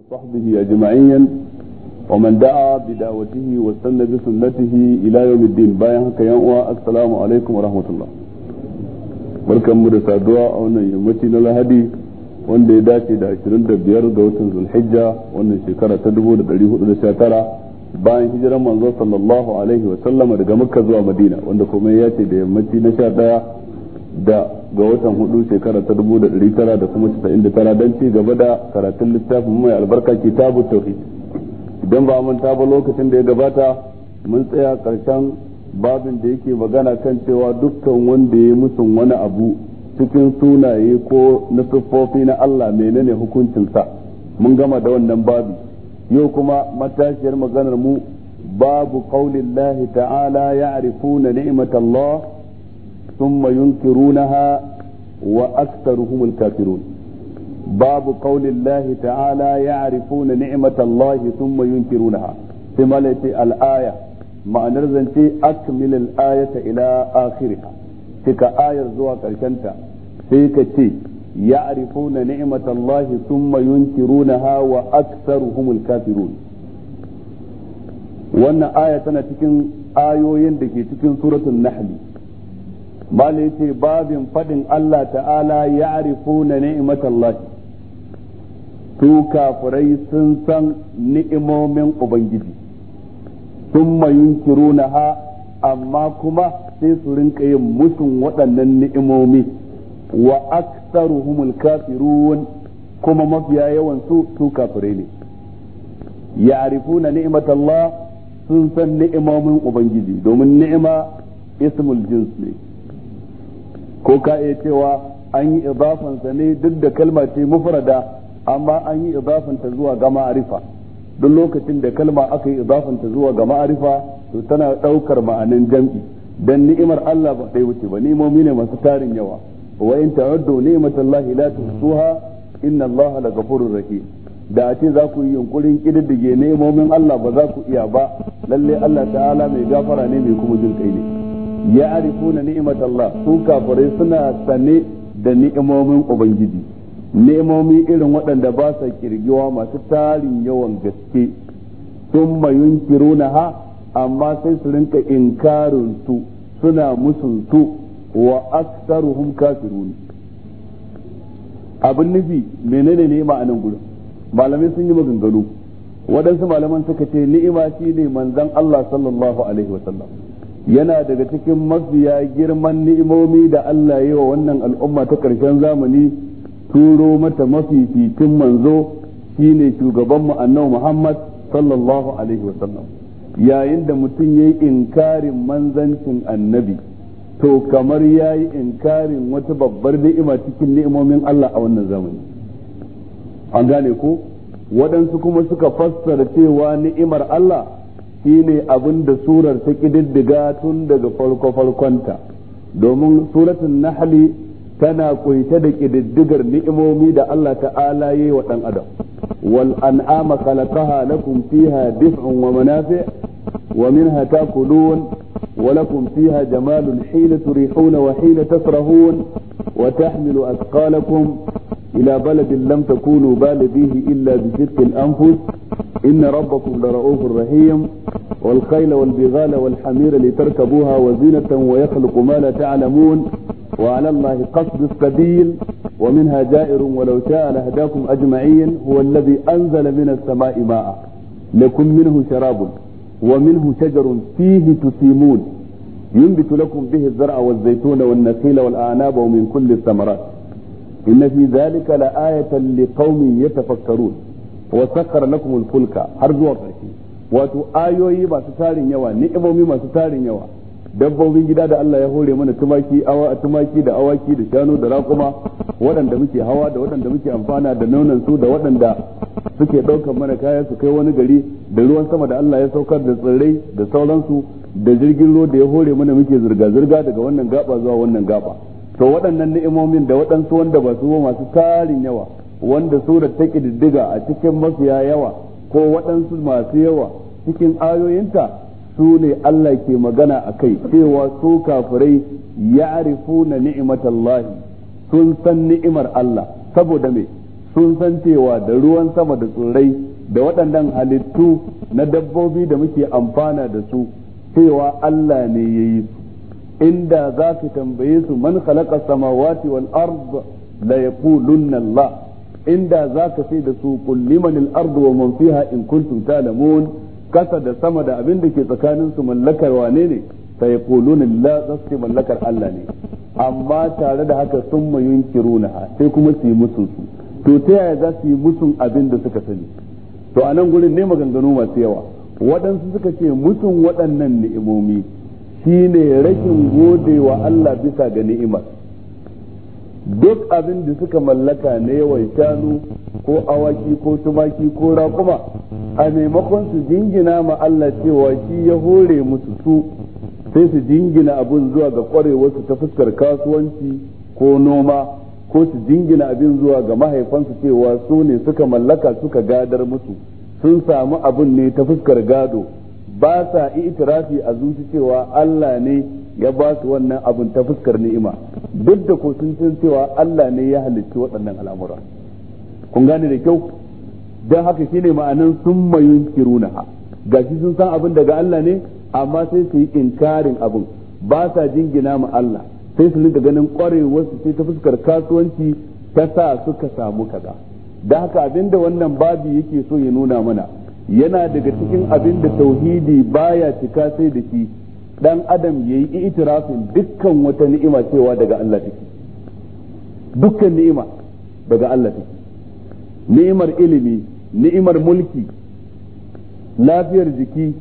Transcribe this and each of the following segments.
وصحبه أجمعين ومن دعا بدعوته واستنى بسنته إلى يوم الدين بايعك يا السلام عليكم ورحمة الله barkanmu da saduwa a wannan yammaci na lahadi wanda ya dace da 25 ga watan zulhijja wannan shekara ta 1419 bayan hijiran manzo sallallahu daga makka zuwa madina wanda kuma ya ce da yammaci na 11 da ga watan hudu shekara ta dubu da ɗari tara da kuma casa'in da tara don ci gaba da karatun littafin mai albarka tabu tauhid idan ba manta ba lokacin da ya gabata mun tsaya karshen babin da yake magana kan cewa dukkan wanda ya musun wani abu cikin sunaye ko na siffofi na Allah menene hukuncinsa mun gama da wannan babi yau kuma matashiyar maganar mu babu qaulillahi ta'ala ya'rifuna ni'matallah ثم ينكرونها وأكثرهم الكافرون باب قول الله تعالى يعرفون نعمة الله ثم ينكرونها ثم التي الآية ما نرزنتي أكمل الآية إلى آخرها تلك آية زوا كالكنتا تلك تي يعرفون نعمة الله ثم ينكرونها وأكثرهم الكافرون وأن آية تكن آيوين دكي تكن سورة النحل bala yace babin faɗin Allah ta'ala na ni'matallahi su kafirai sun san ni'imomin ubangiji thumma ha amma kuma sai su rinka yin musun waɗannan ni'imomi wa aktsaruhumul kafirun kuma mafiya yawan su su kafirai ne ya'rifuna ni'matallah sun san ni'imomin ubangiji domin ni'ima ismul jins ne ko ka iya cewa an yi ibafansa ne duk da kalma ce mufrada amma an yi idafan ta zuwa ga ma'arifa duk lokacin da kalma aka yi idafan zuwa ga ma'arifa to tana daukar ma'anin jam'i dan ni'imar Allah ba dai wuce ba ni'imomi ne masu tarin yawa wa in ta'uddu ni'matallahi la tuhsuha inna Allah la ghafurur rahim da a ce za ku yi yunkurin kididdige ni'imomin Allah ba za ku iya ba lalle Allah ta'ala mai gafara ne mai kuma jin kai ne Ya ni'imat Allah su kafirai suna sane da ni'imomin ubangiji ni'imomi irin waɗanda ba sa kirgiwa masu tarin yawan gaske sun mayun ha amma sai su rinka inkarin su suna musun su wa aksaruhum kafirun abin nufi menene ni'ima a nan gudun malamai sun yi maganganu waɗansu malaman suka ce ni'ima ne manzon Allah sallallahu alaihi wasallam yana daga cikin mafiya girman ni'imomi da Allah yi wa wannan al'umma ta ƙarshen zamani turo mata mafi titin manzo shine shugaban mu annabi Muhammad sallallahu alaihi wasallam yayin da mutum yayi inkarin manzancin annabi to kamar yayi inkarin wata babbar ni'ima cikin ni'imomin Allah a wannan zamani an gane ko waɗansu kuma suka fassara cewa ni'imar Allah shine abin da surar ta ƙididdiga tun daga farko farkonta domin suratun nahli tana kunshe da kididdigar ni'imomi da Allah ta'ala yi wa dan adam wal an'ama khalaqaha lakum fiha dif'un wa manafi' wa minha ta'kulun wa lakum fiha jamalun hina turihuna wa hina tasrahun wa tahmilu athqalakum إلى بلد لم تكونوا بالديه إلا بشق الأنفس إن ربكم لرؤوف رحيم والخيل والبغال والحمير لتركبوها وزينة ويخلق ما لا تعلمون وعلى الله قصد السبيل ومنها جائر ولو شاء لهداكم أجمعين هو الذي أنزل من السماء ماء لكم منه شراب ومنه شجر فيه تسيمون ينبت لكم به الزرع والزيتون والنخيل والأعناب ومن كل الثمرات inna fi zalika la ayatan liqaumin yatafakkarun wa sakkara lakum al-fulka har zuwa ƙarshe wato ayoyi masu tarin yawa ni'imomi masu tarin yawa dabbobin gida da Allah ya hore mana tumaki awa tumaki da awaki da shanu da raƙuma waɗanda muke hawa da waɗanda muke amfana da nonon su da waɗanda suke ɗaukar mana kaya su kai wani gari da ruwan sama da Allah ya saukar da tsirrai da sauransu da jirgin ruwa da ya hore mana muke zirga zirga daga wannan gaba zuwa wannan gaba to waɗannan ni'imomin da waɗansu wanda ba su masu tarin yawa wanda surar ta ƙididdiga a cikin mafiya yawa ko waɗansu masu yawa cikin ayoyinta su ne Allah ke magana a kai cewa su kafirai ya na ni'imatallahi sun san ni'imar Allah saboda mai sun san cewa da ruwan sama da tsirrai da waɗannan halittu na dabbobi da muke amfana da su cewa Allah ne ya yi su inda za ka tambaye su man khalaqa samawati wal ard la yaqulunna Allah inda za ka sai da su kulliman al ard wa man fiha in kuntum ta'lamun kasa da sama da abin da ke tsakanin su mallakar wane ne fa yaquluna Allah za su mallakar Allah ne amma tare da haka sun mayunkiruna sai kuma su yi musun su to ta yaya za su yi musun abin da suka sani to a nan gurin ne maganganu masu yawa waɗansu suka ce musun waɗannan ni'imomi shine rashin godewa Allah bisa ga ni'ima duk abin da suka mallaka na yawan shanu ko awaki ko tumaki ko raƙuma a maimakon su jingina ma Allah cewa shi ya hore musu su sai su jingina abin zuwa ga ƙwarewarsu ta fuskar kasuwanci ko noma ko su jingina abin zuwa ga mahaifansu cewa su ne suka mallaka suka gadar musu sun samu abin ne ta fuskar gado ba sa itirafi a zuci cewa Allah ne ya ba su wannan abin ta fuskar ni'ima duk da ko sun san cewa Allah ne ya halicci waɗannan al'amura kun gane da kyau don haka shine ma'anan sun mayun ha, gashi sun san abin daga Allah ne amma sai su yi inkarin abin ba sa jingina ma Allah sai su rinka ganin kwarewar su sai ta fuskar kasuwanci ta sa suka samu kaza da haka abinda wannan babi yake so ya nuna mana yana daga cikin abin da tauhidi baya cika sai da shi dan adam yayi itirafin dukkan wata ni'ima cewa daga Allah take dukkan ni'ima daga Allah take ni'imar ilimi ni'imar mulki lafiyar jiki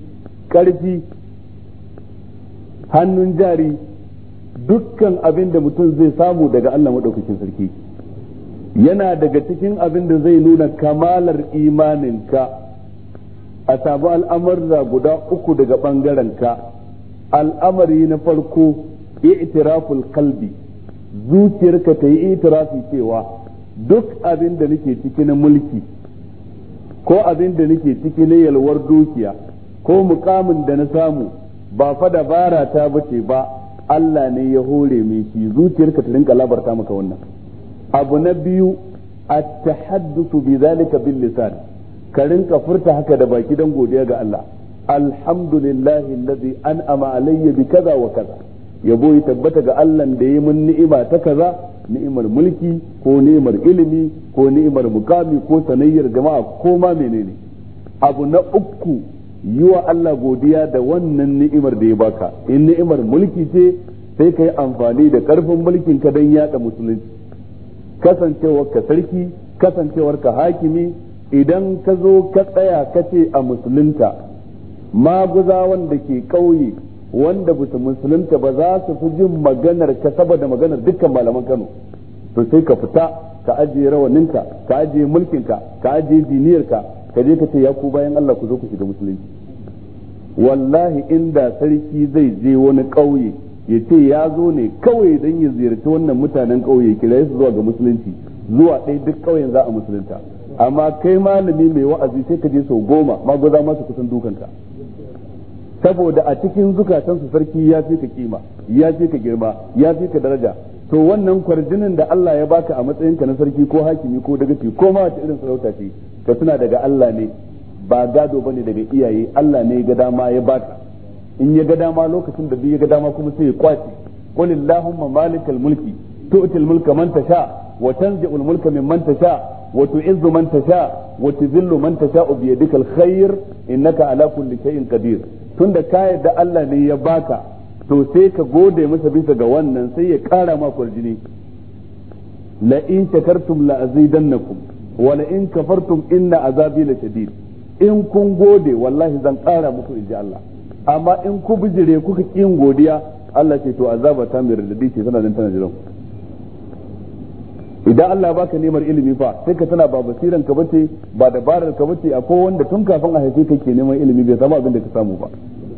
ƙarfi hannun jari dukkan abin da mutum zai samu daga Allah maɗaukakin sarki yana daga cikin abin da zai nuna kamalar imaninka a samu al'amarra guda uku daga ɓangaren ka al'amari na farko i'tiraful kalbi zuciyarka ta yi itirafi cewa duk abin da nake ciki na mulki ko abin da nake ciki na yalwar dukiya ko mukamin da na samu ba fa dabara ta bace ba Allah ne ya hore mai shi zuciyarka ta rinka labarta maka wannan abu na biyu at tahaddathu bi zalika bil lisan ka rinka furta haka da baki dan godiya ga Allah alhamdulillahi allazi an'ama alayya bi kaza wa kaza yabo ya tabbata ga Allah da ya mun ni'ima ta kaza ni'imar mulki ko ni'imar ilimi ko ni'imar mukami ko sanayyar jama'a ko ma menene abu na uku yi wa Allah godiya da wannan ni'imar da ya baka in ni'imar mulki ce sai ka yi amfani da karfin mulkin ka don yada musulunci kasancewar ka sarki kasancewar ka hakimi idan ka zo ka tsaya ka ce a musulunta maguza wanda ke ƙauye wanda bisa musulunta ba za su fi jin maganar ka saboda maganar dukkan malaman kano to sai ka fita ka ajiye rawaninka ka ajiye mulkinka ka ajiye diniyarka ka je ka ce ya ku bayan Allah ku zo ku shiga musulunci wallahi inda sarki zai je wani ƙauye ya ce ya zo ne kawai don ya ziyarci wannan mutanen ƙauye kira su zuwa ga musulunci zuwa ɗaya duk ƙauyen za a musulunta amma kai malami mai wa'azi sai ka je sau goma magoza masu kusan dukanka saboda a cikin zukatansu sarki ya fi ka kima ya fi ka girma ya fi ka daraja to wannan kwarjinin da Allah ya baka a matsayinka na sarki ko hakimi ko dagaci ko ma wace irin sarauta ce ka tuna daga Allah ne ba gado bane daga iyaye Allah ne ga dama ya baka in ya ga dama lokacin da bi ya ga dama kuma sai ya kwace qul allahumma malikal mulki tu'til mulka man tasha wa tanzi'ul mulka mimman tasha wa tu'izzu man tasha wa tuzillu man tasha bi yadikal khair innaka ala kulli shay'in qadir tunda ka Allah ne ya baka to ka gode masa bisa ga wannan sai ya kara ma kurjini la in shakartum la azidannakum wala in kafartum inna azabi la shadid in kun gode wallahi zan kara muku inji Allah amma in ku bijire kuka ki yin godiya Allah ce to azabar ta mai radadi ce tana nan tana jiran idan Allah baka nemar ilimi fa sai ka tana ba basiran ka bace ba dabarar ka bace a wanda tun kafin a haife kake neman ilimi bai samu abin da ka samu ba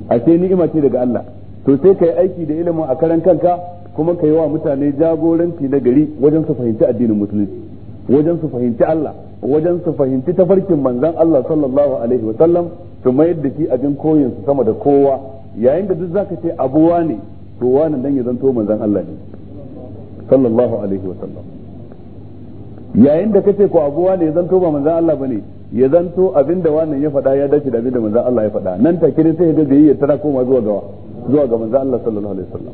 ashe ni'ima ce daga Allah to sai ka yi aiki da ilimin a karan kanka kuma ka yi wa mutane jagoranci na gari wajen su fahimci addinin musulunci wajen su fahimci Allah wajen su fahimci tafarkin manzon Allah sallallahu alaihi wa sallam su mayar da shi abin koyin su sama da kowa yayin da duk zaka ce abuwa ne to wani dan ya zanto manzon Allah ne sallallahu alaihi wa sallam yayin da kace ko abu ne ya zanto ba manzon Allah bane ya zanto abinda wannan ya faɗa ya dace da abinda manzon Allah ya faɗa nan take ne sai ya da ya tara koma zuwa gawa zuwa ga manzon Allah sallallahu alaihi wasallam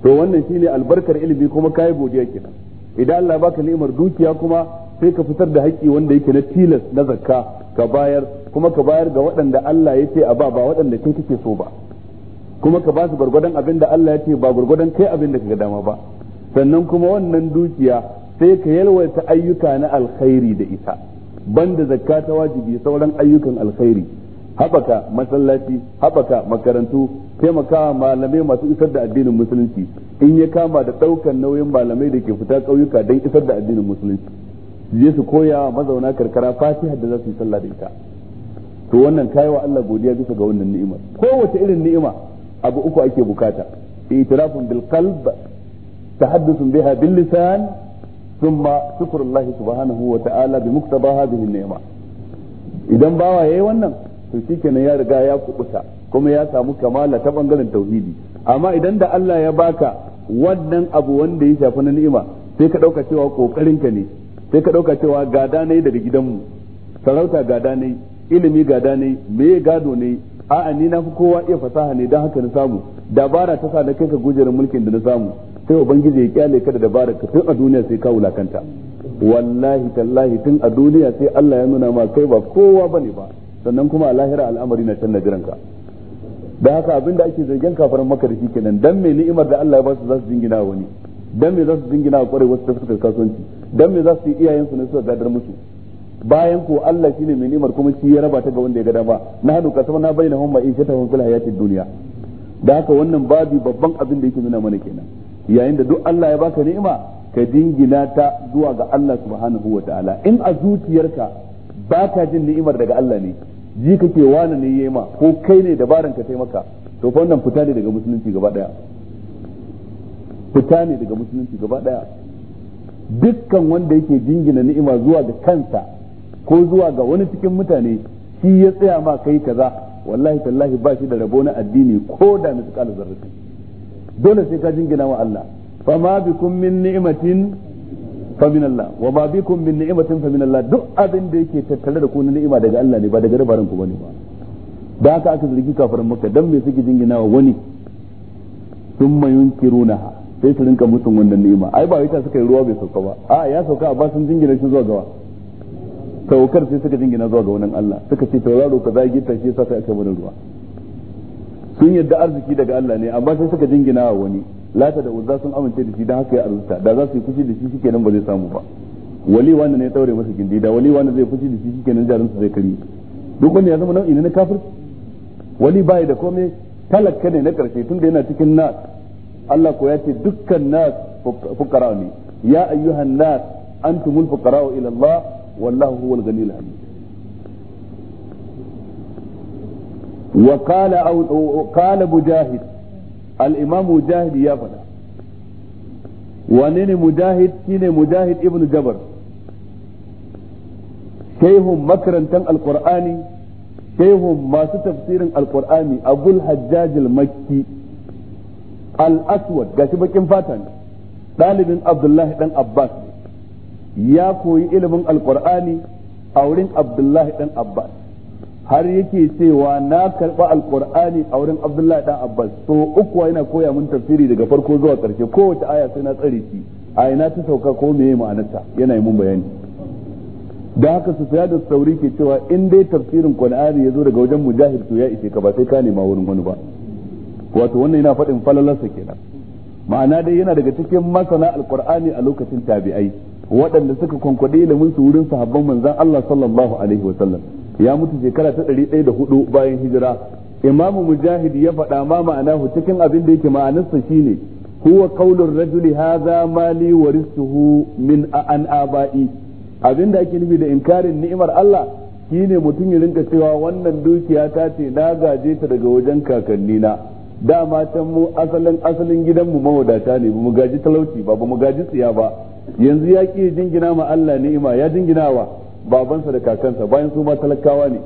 to wannan shine albarkar ilimi kuma kai godiya kenan idan Allah ya baka ni'imar dukiya kuma sai ka fitar da haƙƙi wanda yake na tilas na zakka ka bayar kuma ka bayar ga waɗanda Allah ya ce a ba ba waɗanda kai kake so ba kuma ka ba su gurgurdan abinda Allah ya ce ba gurgurdan kai abinda kaga dama ba sannan kuma wannan dukiya sai ka yalwata ayyuka na alkhairi da ita banda zakka ta wajibi sauran ayyukan alkhairi haɓaka masallaci haɓaka makarantu taimakawa malamai masu isar da addinin musulunci in ya kama da ɗaukar nauyin malamai da ke fita ƙauyuka don isar da addinin musulunci je su koya wa mazauna karkara fatiha da za su yi sallah da ita to wannan kayi wa Allah godiya bisa ga wannan ni'ima kowace irin ni'ima abu uku ake bukata itirafun bil qalb biha bil lisan ثم شكر الله سبحانه وتعالى بمقتضى هذه النعمه idan bawa yayi wannan to ne ya riga ya kubuta kuma ya samu kamala ta bangaren tauhidi amma idan da Allah ya baka wannan abu wanda ya shafi na ni'ima sai ka dauka cewa kokarinka ne sai ka dauka cewa gada ne daga gidanmu sarauta gada ne ilimi gada ne me gado ne a'a ni na fi kowa iya fasaha ne don haka na samu dabara ta sa na kai ka gujerin mulkin da na samu sai ubangiji ya kyale ka da dabara ka tun a duniya sai ka wulakanta wallahi tallahi tun a duniya sai Allah ya nuna ma kai ba kowa bane ba sannan kuma a lahira al'amari na can na jiranka da haka abin da ake zargin kafaran maka da shi kenan dan me ni'imar da Allah ya ba su za su jingina wani dan me za su jingina kwarai su tafi kasuwanci dan me za su yi iyayensu ne su gadar musu bayan ko Allah shine mai ni'imar kuma shi ya raba ta ga wanda ya ga dama nahnu qasamna bainahum ma'ishatahum fil hayatid dunya da haka wannan babi babban abin da yake nuna mana kenan yayin da duk Allah ya baka ni'ima ka dingina ta zuwa ga Allah subhanahu wa ta'ala in a zuciyarka baka jin ni'imar daga Allah ne ji kake wani ne yayi ma ko kai ne dabaran ka taimaka to fa wannan fita ne daga musulunci gaba daya fita ne daga musulunci gaba daya dukkan wanda yake jingina ni'ima zuwa ga kansa ko zuwa ga wani cikin mutane shi ya tsaya ma kai kaza wallahi tallahi ba shi da rabo na addini ko da misqal zarratin dole sai ka jingina wa Allah Fa ma bikum min ni'matin fa min Allah wa ma bikum min ni'matin fa min Allah duk abin da yake tattare da ku na ni'ima daga Allah ne ba daga rabarin ku bane ba da haka aka zargi kafirin makka dan me suke jingina wa wani thumma yunkirunaha sai su rinka musun wannan ni'ima ai ba wai ta suka yi ruwa bai sauka ba a ya sauka a ba sun jingina shi zuwa gawa saukar sai suka jingina zuwa ga wannan Allah suka ce tauraro ka zagi ta shi sai aka mana ruwa sun yadda arziki daga Allah ne amma sai suka jingina wa wani lata da uzza sun amince da shi dan haka ya arzuta da za su yi kushi da shi shikenan ba zai samu ba wali wanda ne ya daure masa gindi da wali wanda zai fushi da shi shikenan su zai kare duk wanda ya zama nau'i ne na kafir wali bai da komai talaka ne na karshe tunda yana cikin nas Allah ko ya ce dukkan nas fukara ne ya ayyuhan nas antumul fuqara ila Allah wallahu huwal ganiyul hamid وقال أو قال مجاهد الإمام مجاهد يا فلا ونين مجاهد كين مجاهد ابن جبر شيخ مكرا تن القرآن شيخ ما تفسير القرآن أبو الحجاج المكي الأسود قاسي بكين فاتن طالب عبد الله بن عباس ya koyi ilimin alqur'ani a wurin abdullahi dan abbas har yake cewa na karba alqur'ani a wurin abdullahi dan abbas to uku yana koya mun tafsiri daga farko zuwa karshe kowace aya sai na tsare shi a ina ta sauka ko meye ma'anarta yana yi mun bayani da haka su da sauri ke cewa in dai tafsirin qur'ani ya zo daga wajen mujahid to ya ishe ka ba sai ka nema wurin wani ba wato wannan yana faɗin falalarsa kenan ma'ana dai yana daga cikin masana alqur'ani a lokacin tabi'ai waɗanda suka kwankwaɗe ilimin su wurin sahabban manzon Allah sallallahu alaihi wa sallam ya mutu shekara ta ɗari ɗaya da hudu bayan hijira imam mujahid ya faɗa ma ma'anahu cikin abin da yake ma'anarsa shine huwa qaulur rajuli hadha mali warisuhu min an abai abin da ake nufi da inkarin ni'imar Allah shine mutum ya rinka cewa wannan dukiya ta ce na gaje ta daga wajen kakanni na dama can mu asalin asalin gidanmu mawadata ne ba mu gaji talauci ba ba mu gaji tsiya ba yanzu ya ƙi jingina ma Allah ni'ima ya jingina wa babansa da kakansa bayan su ma talakawa ne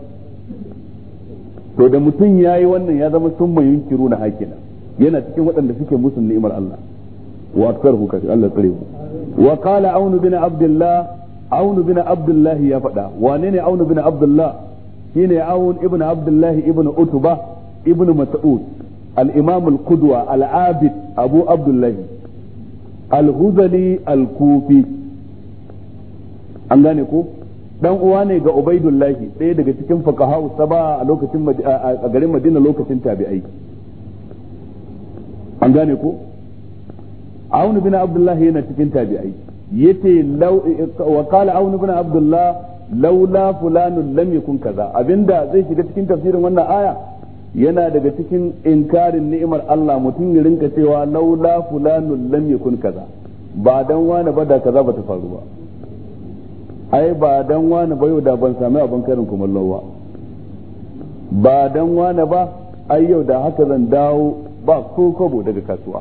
to da mutum ya yi wannan ya zama sun mai yunkiru na hakina yana cikin waɗanda suke musun ni'imar Allah wa aktarhu kashi Allah tsare mu wa qala aunu bin abdullah aunu bin abdullah ya faɗa wane ne aunu bin abdullah shine aun ibn abdullah ibn utba ibn mas'ud al-imam al-qudwa al-abid abu abdullah al-huzali al-kufi an gane ko dan uwa ne ga ubaidullahi ɗaya daga cikin fuqaha saba a lokacin a garin madina lokacin tabi'ai an gane ko aunu bin abdullahi yana cikin tabi'ai yace law wa qala aunu bin abdullah laula fulanun lam yakun kaza abinda zai shiga cikin tafsirin wannan aya yana daga cikin inkarin ni'imar Allah mutum ya rinka cewa laula fulanun lam yakun kaza ba dan wani ba da kaza ba ta faru ba ai ba dan wani ba yau da ban sami abin karin kumallo ba ba dan wani ba ai yau da haka zan dawo ba ko kobo daga kasuwa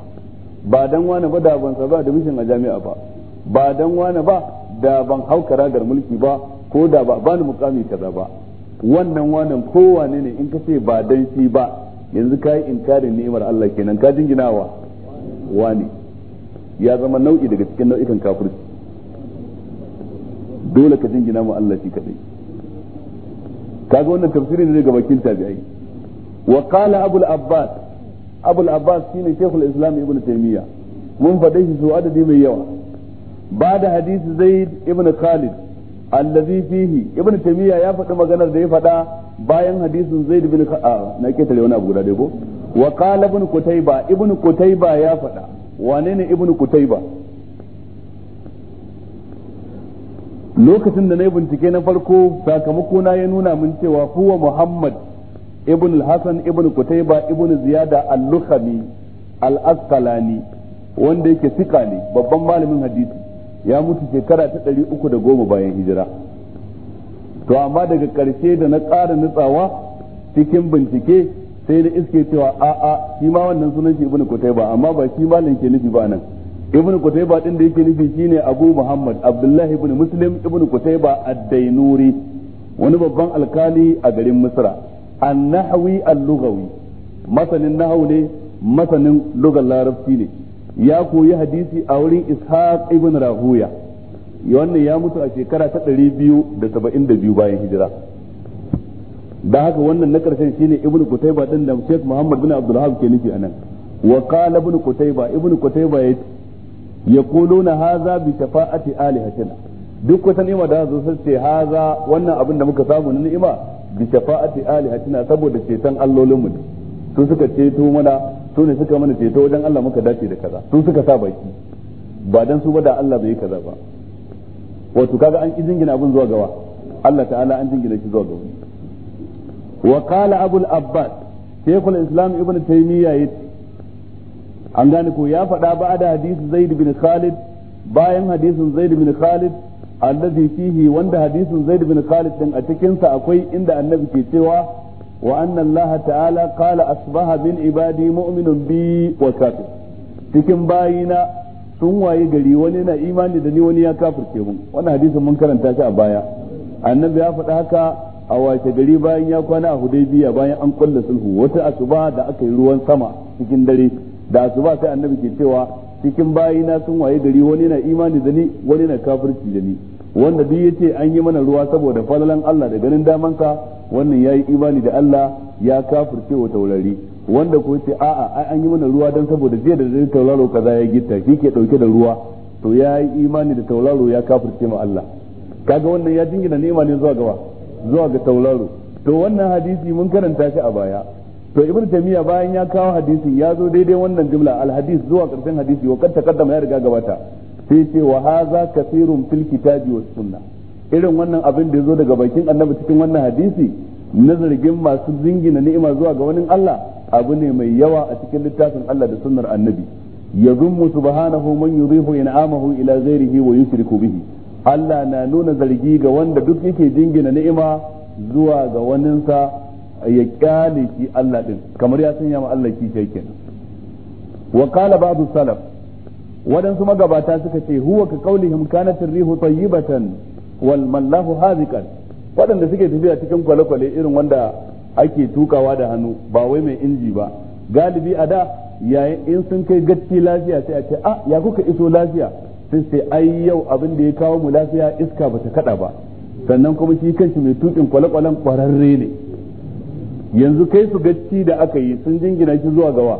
ba dan wani ba da ban saba da mishin a jami'a ba ba dan wani ba da ban hau karagar mulki ba ko da ba bani mukami kaza ba wannan wannan kowane ne in ka ce ba dan shi ba yanzu ka yi inkarin ni'imar Allah kenan ka jinginawa wani ya zama nau'i daga cikin nau'ikan kafirci dole ka jingina mu Allah shi kadai kaga wannan tafsiri ne daga bakin tabi'ai wa qala abul abbas abul abbas shine shaykhul islam ibn taymiya mun fadai su adadi mai yawa ba da hadisi zaid ibn khalid allazi fihi ibnu Tamiya ya faɗi maganar da ya faɗa bayan hadisin zaid bin ah, na ketare wani abu guda dai ko wa qala ibnu kutayba ibnu kutayba ya faɗa wane ne ibnu kutayba lokacin da na yi bincike na farko sakamako na ya nuna min cewa huwa muhammad ibn al-hasan ibn kutayba ibn ziyada al-lukhami al-asqalani wanda yake sika ne babban malamin hadisi ya mutu shekara ta ɗari uku da goma bayan hijira to amma daga ƙarshe da na ƙara nutsawa cikin bincike sai na iske cewa a'a shi ma wannan sunan shi ibnu kutaiba amma ba shi malam ke nufi ba nan ibnu kutaiba ɗin da yake nufi ne abu muhammad abdullahi Ibn muslim ibnu kutaiba ad-dainuri wani babban alkali a garin misra an-nahwi al-lughawi masanin nahau ne masanin lugar larabci ne ya koyi hadisi a wurin ishaq ibn rahuya wannan ya mutu a shekara ta ɗari biyu da saba'in da biyu bayan hijira da haka wannan na karshen shine ibn kutaiba din da sheikh muhammad bin abdulhab ke nufi anan wa qala ibn kutaiba ibn kutaiba ya yaquluna hadha bi shafa'ati alihatina duk wata ni'ima da zo sai ce haza wannan abin da muka samu na ni'ima bi shafa'ati alihatina saboda ceton allolin allolinmu su suka ceto mana su ne suka mana ceto wajen Allah muka dace da kaza su suka sa baki ba dan su ba da Allah bai kaza ba wato kaga an ki jingina abun zuwa gawa Allah ta'ala an jingina shi zuwa gawa wa qala abul abbas shaykhul islam ibn taymiya yace an gane ko ya faɗa ba da hadisin zaid bin khalid bayan hadisin zaid bin khalid allazi fihi wanda hadisin zaid bin khalid din a cikin sa akwai inda annabi ke cewa وأن الله تعالى قال أصبح من عبادي مؤمن بي وكافر cikin bayina sun waye gari wani na imani da ni wani ya kafirce mu wani hadisin mun karanta shi a baya annabi ya faɗa haka a wace gari bayan ya kwana a hudaybiya bayan an kulla sulhu wata asuba da aka yi ruwan sama cikin dare da asuba sai annabi ke cewa cikin bayina sun waye gari wani na imani da ni wani na kafirci da ni wanda duk yace an yi mana ruwa saboda falalan Allah da ganin daman ka wannan yayi imani da Allah ya kafirce wa taurari wanda ko yace a'a ai an yi mana ruwa dan saboda jiya da zai tauraro kaza ya gitta shi dauke da ruwa to yayi imani da tauraro ya kafirce ma Allah kaga wannan ya jingina neman ne zuwa gaba zuwa ga tauraro to wannan hadisi mun karanta shi a baya to ibnu tamiya bayan ya kawo hadisi ya zo daidai wannan jumla al hadis zuwa karshen hadisi wa kad taqaddama ya riga gabata sai ce wa haza kathirun fil kitabi was sunna irin wannan abin da yazo daga bakin annabi cikin wannan hadisi na zargin masu zingina ni'ima zuwa ga wani Allah abu ne mai yawa a cikin littafin Allah da sunnar annabi yazummu subhanahu man yudhifu in'amahu ila ghairihi wa yushriku bihi Allah na nuna zargi ga wanda duk yake jingina ni'ima zuwa ga waninsa ya kyale shi Allah din kamar ya sanya ma Allah kishai kenan wa qala ba'du salaf wadansu magabata suka ce huwa ka kauli kanat rihu tayyibatan wal mallahu haziqan waɗanda suke tafiya cikin kwale-kwale irin wanda ake tukawa da hannu ba wai mai inji ba galibi a da yayin in sun kai gatti lafiya sai a ce a ah, ya kuka iso lafiya sai sai ai yau abin da ya kawo mu lafiya iska bata kada ba sannan kuma shi kanshi mai tukin kwale-kwalen kwararre ne yanzu kai su gatti da aka yi sun jingina shi zuwa gawa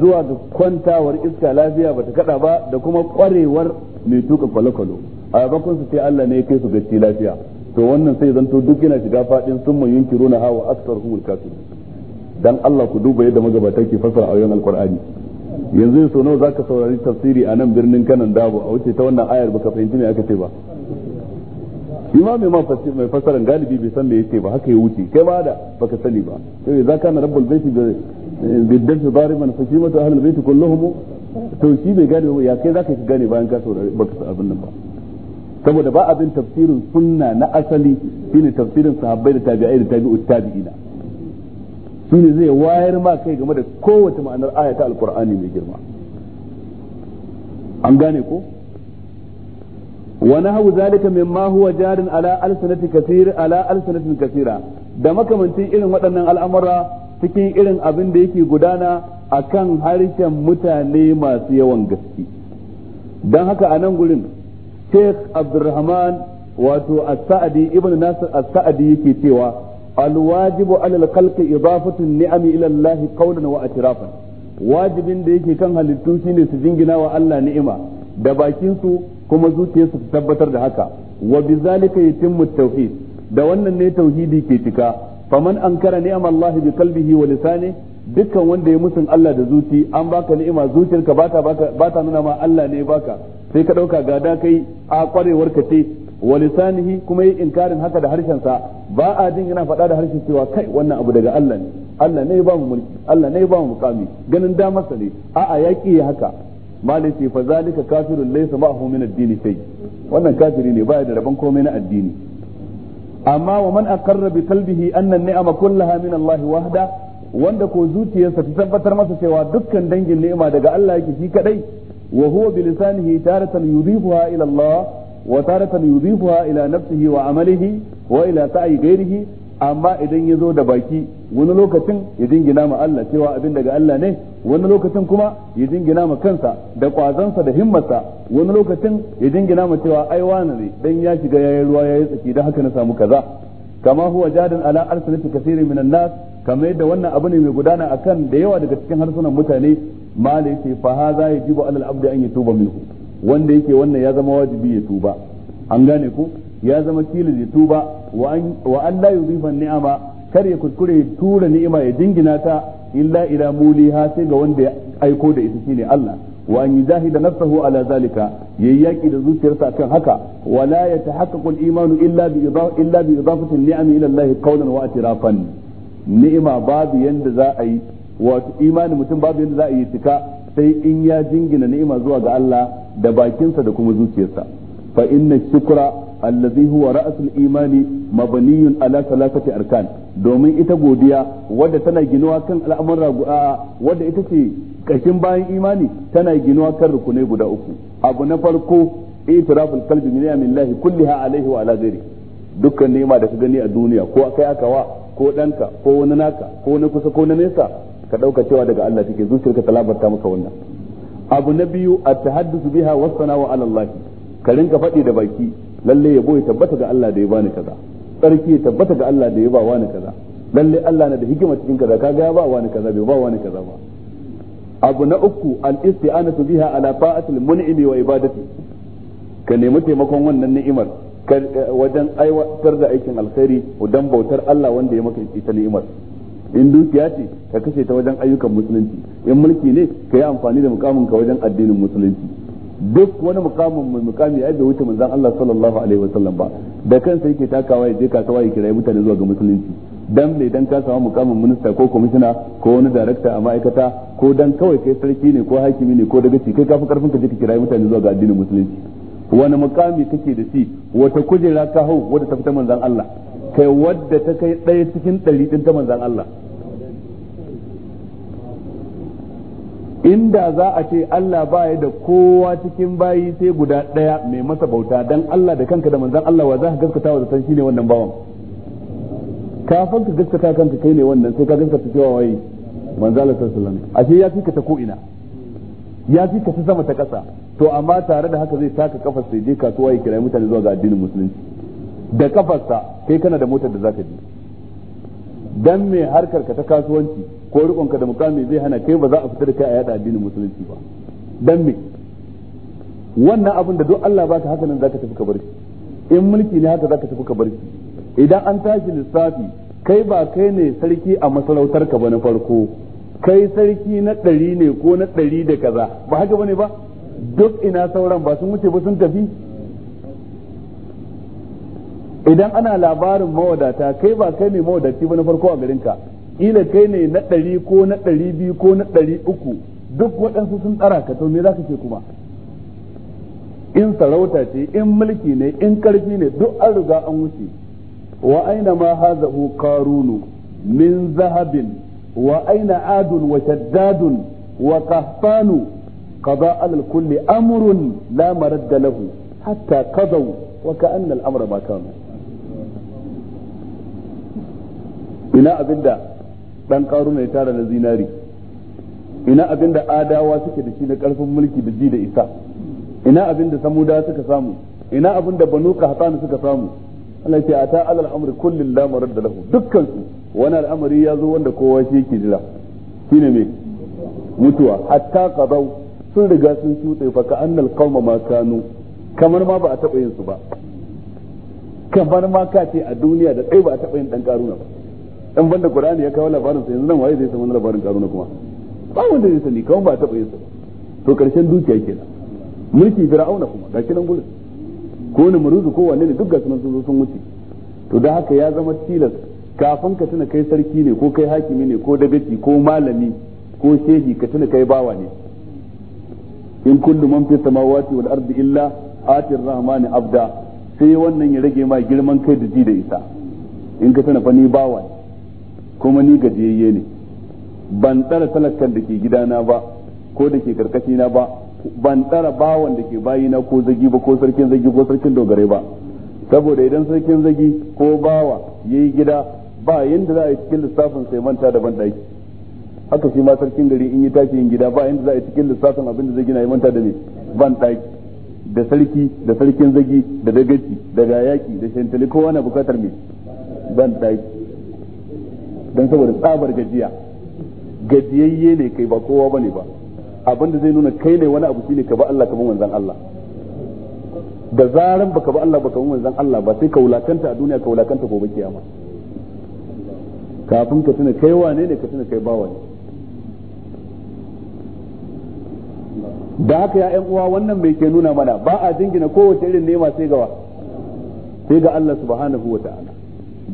zuwa ga kwantawar iska lafiya bata kada ba da kuma kwarewar mai tuka kwalokwalo a bakon su ce Allah ne ya kai su gaci lafiya to wannan sai zanto duk yana shiga fadin sun summa yunkiruna hawa askar humul kafirun dan Allah ku duba yadda magabata ke fasara ayoyin alqur'ani yanzu so nawa zaka saurari tafsiri a nan birnin kanan dabo a wuce ta wannan ayar baka fahimci me aka ce ba imami ma mai fasaran galibi bai san me yake ba haka ya wuce kai ba da baka sani ba sai zaka na rabbul baiti biddan mana fa kimatu ahlul baiti kulluhum to shi bai gane ba ya kai zaka ka gane bayan ka saurare baka sa abin nan ba saboda ba abin tafsirin sunna na asali shine tafsirin sahabbai da tabi'ai da tabi'u tabi'ina shine zai wayar ma kai game da kowace ma'anar aya ta alqur'ani mai girma an gane ko wa nahwu zalika mimma huwa jarin ala alsanati kathir ala alsanatin kathira da makamancin irin waɗannan al'amura cikin irin abin da yake gudana a kan harshen mutane masu yawan gaske don haka a nan gurin sheikh abdulrahman wato as-sa'adi ibn nasir as-sa'adi yake cewa alwajibu alal khalqi idafatu ni'ami ila Allah qawlan wa atirafan wajibin da yake kan halittu shine su jingina wa Allah ni'ima da bakinsu kuma zuciyar su tabbatar da haka wa bizalika yatimmu tauhid da wannan ne tauhidi ke cika faman ankara ni'am Allah bi qalbihi wa lisani dukkan wanda ya musun Allah da zuci an baka ni'ima zuciyarka bata baka nuna ma Allah ne baka sai ka ɗauka gada kai a kwarewar ka ce wa lisanihi kuma yi inkarin haka da harshen sa ba a jin yana faɗa da harshen cewa kai wannan abu daga Allah ne Allah ne ya ba mu mulki mu mukami ganin damarsa ne a'a yaki ya haka malai fa zalika kafirun laysa ma'ahu min ad-dini wannan kafiri ne baya da rabon komai na addini amma wa man aqarra bi qalbihi anna ni'ama kullaha min Allah wahda wanda ko zuciyarsa ta tabbatar masa cewa dukkan dangin ni'ima daga Allah yake shi kadai wa huwa bi lisanihi taratan yudhifuha ila Allah wa taratan yudhifuha ila nafsihi wa amalihi wa ila sa'i ghairihi amma idan ya zo da baki wani lokacin ya dingina ma Allah cewa abin daga Allah ne wani lokacin kuma ya dingina ma kansa da kwazansa da himmarsa wani lokacin ya dingina ma cewa ai wani ne dan ya shiga yayi ruwa yayi tsaki dan haka na samu kaza kama huwa jadan ala arsalati kaseerin minan nas kamar yadda wannan abu ne mai gudana akan da yawa daga cikin harsunan mutane mala yace fa hadha yajibu alal abdi an yatuba minhu wanda yake wannan ya zama wajibi ya tuba an gane ko ya zama kilin ya tuba wa an la yuzifa ni'ama kar ya kuskure tura ni'ima ya jingina ta illa ila muliha sai ga wanda ya aiko da ita shine Allah wa an yujahida nafsahu ala zalika yayi yaki da zuciyarsa akan haka wala yatahaqqaqu al-iman illa bi illa bi idafati an ila Allah qawlan wa atirafan ni'ima babu yanda za a yi wato imanin mutum babu yanda za a yi cika sai in ya jingina ni'ima zuwa ga Allah da bakinsa da kuma zuciyarsa fa inna shukra allazi huwa ra'sul imani mabniyun ala salasati arkan domin ita godiya wadda tana ginuwa kan ragu'a wadda ita ce kashin bayan imani tana ginuwa kan rukunai guda uku abu na farko itiraful qalbi min ni'amillahi kulliha alaihi wa ala ghairi dukkan ni'ima da ka gani a duniya ko kai aka wa ko danka ko wani naka ko wani kusa ko wani nesa ka dauka cewa daga Allah take zuciyarka ta labarta maka wannan abu na biyu at-tahaddusu biha wa ala Allah ka rinka faɗi da baki lalle yabo ya tabbata ga Allah da ya bani kaza tsarki ya tabbata ga Allah da ya ba wani kaza lalle Allah na da hikima cikin kaza kaga ya ba wani kaza bai ba wani kaza ba abu na uku al isti'anatu biha ala fa'atil mun'imi wa ibadati ka nemi taimakon wannan ni'imar wajen aiwatar da aikin alkhairi dan bautar Allah wanda ya maka ita ni'imar in dukiya ce ka kashe ta wajen ayyukan musulunci in mulki ne ka yi amfani da mukamin ka wajen addinin musulunci duk wani mukamin mai mukami ai bai wuce manzon Allah sallallahu alaihi wasallam ba da kansa yake takawa ya je kasuwa ya kira mutane zuwa ga musulunci dan ne dan ka samu mukamin minista ko komishina ko wani darakta a ma'aikata ko dan kawai kai sarki ne ko hakimi ne ko ci kai kafi karfin ka je ka kira mutane zuwa ga addinin musulunci wani mukami kake da shi wata kujera ka hau wadda ta fita manzon Allah kai wadda ta kai ɗaya cikin ɗari ɗin ta manzon Allah inda za a ce Allah baya da kowa cikin bayi sai guda ɗaya mai masa bauta don Allah da kanka da manzan Allah wa za ka gaskata wa zaton shine wannan bawan kafin ka gaskata kanka kai ne wannan sai ka gaskata cewa wai manzan Allah sallallahu alaihi wasallam ashe ya fi ka ta ko ina ya fi ka ta sama ta ƙasa to amma tare da haka zai taka kafar sai je kasuwa ya kira mutane zuwa ga addinin musulunci da kafarsa kai kana da motar da zaka je dan me harkar ka ta kasuwanci ko rikon ka da mukami zai hana kai ba za a fitar da kai a yada addinin musulunci ba dan me wannan abin da duk Allah baka haka nan zaka tafi ka bar shi in mulki ne haka zaka tafi ka bar shi idan an tashi lissafi kai ba kai ne sarki a masarautar ka ba na farko kai sarki na ɗari ne ko na ɗari da kaza ba haka bane ba duk ina sauran ba sun wuce ba sun tafi idan ana labarin mawadata kai ba kai ne mawadaci ba na farko a garinka kila kai ne na ɗari ko na ɗari biyu ko na ɗari uku duk waɗansu sun tsara ka to me za ka ce kuma in sarauta ce in mulki ne in ƙarfi ne duk an riga an wuce wa aina ma hazahu karunu min zahabin wa aina adun wa shaddadun wa qahtanu kaza alal kulli amrun la maradda lahu hatta kazau wa ka'anna al amra ma kana ina abinda dan karu mai tara na zinari ina abin da adawa suke da shi na karfin mulki da ji da isa ina abin da samuda suka samu ina abin da banu kahtan suka samu Allah ya ce ata alal amri kullin la marad lahu dukkan su wani al'amari ya zo wanda kowa shi yake jira shine me mutuwa hatta qadaw sun riga sun shuɗe fa ka annal qauma ma kanu kamar ma ba a taɓa yin su ba kamar ma ka ce a duniya da kai ba a taɓa yin dan karuna ba dan banda qur'ani ya kawo labarin sa yanzu nan waye zai san wani labarin karuna kuma ba wanda zai sani kawai ba taba yin sa to karshen dukiya kenan mulki fir'auna kuma ga kinan gurin ko ne muruzu ko wanne ne duk ga sunan sun sun wuce to da haka ya zama tilas kafin ka tuna kai sarki ne ko kai hakimi ne ko dagaci ko malami ko shehi ka tuna kai bawa ne in kullu man fi samawati wal ardi illa atir rahmani abda sai wannan ya rage ma girman kai da ji da isa in ka tuna fa ni bawa ne kuma ni gajiyayye ne ban tsara talakkan da ke gidana ba ko da ke na ba ban tsara bawan da ke bayina ko zagi ba ko sarkin zagi ko sarkin dogare ba saboda idan sarkin zagi ko bawa yayi gida ba yanda za a yi cikin lissafin sai manta da ban daki haka shi ma sarkin gari in yi tashi yin gida ba yanda za a yi cikin lissafin abin da zai gina ya manta da ne ban daki da sarki da sarkin zagi da dagaci da gayaki da shantali kowa na bukatar me ban daki dan saboda tsabar gajiya gajiyayye ne kai ba kowa bane ba abinda zai nuna kai ne wani abu shine ka ba Allah ka bi manzon Allah da zaran baka ba Allah baka bi manzon Allah ba sai ka wulakanta a duniya ka wulakanta gobe kiyama kafin ka tuna kai wane ne ka tuna kai wa ne da haka ya ƴan uwa wannan mai ke nuna mana ba a jingina kowace irin nema sai gawa sai ga Allah subhanahu wa ta'ala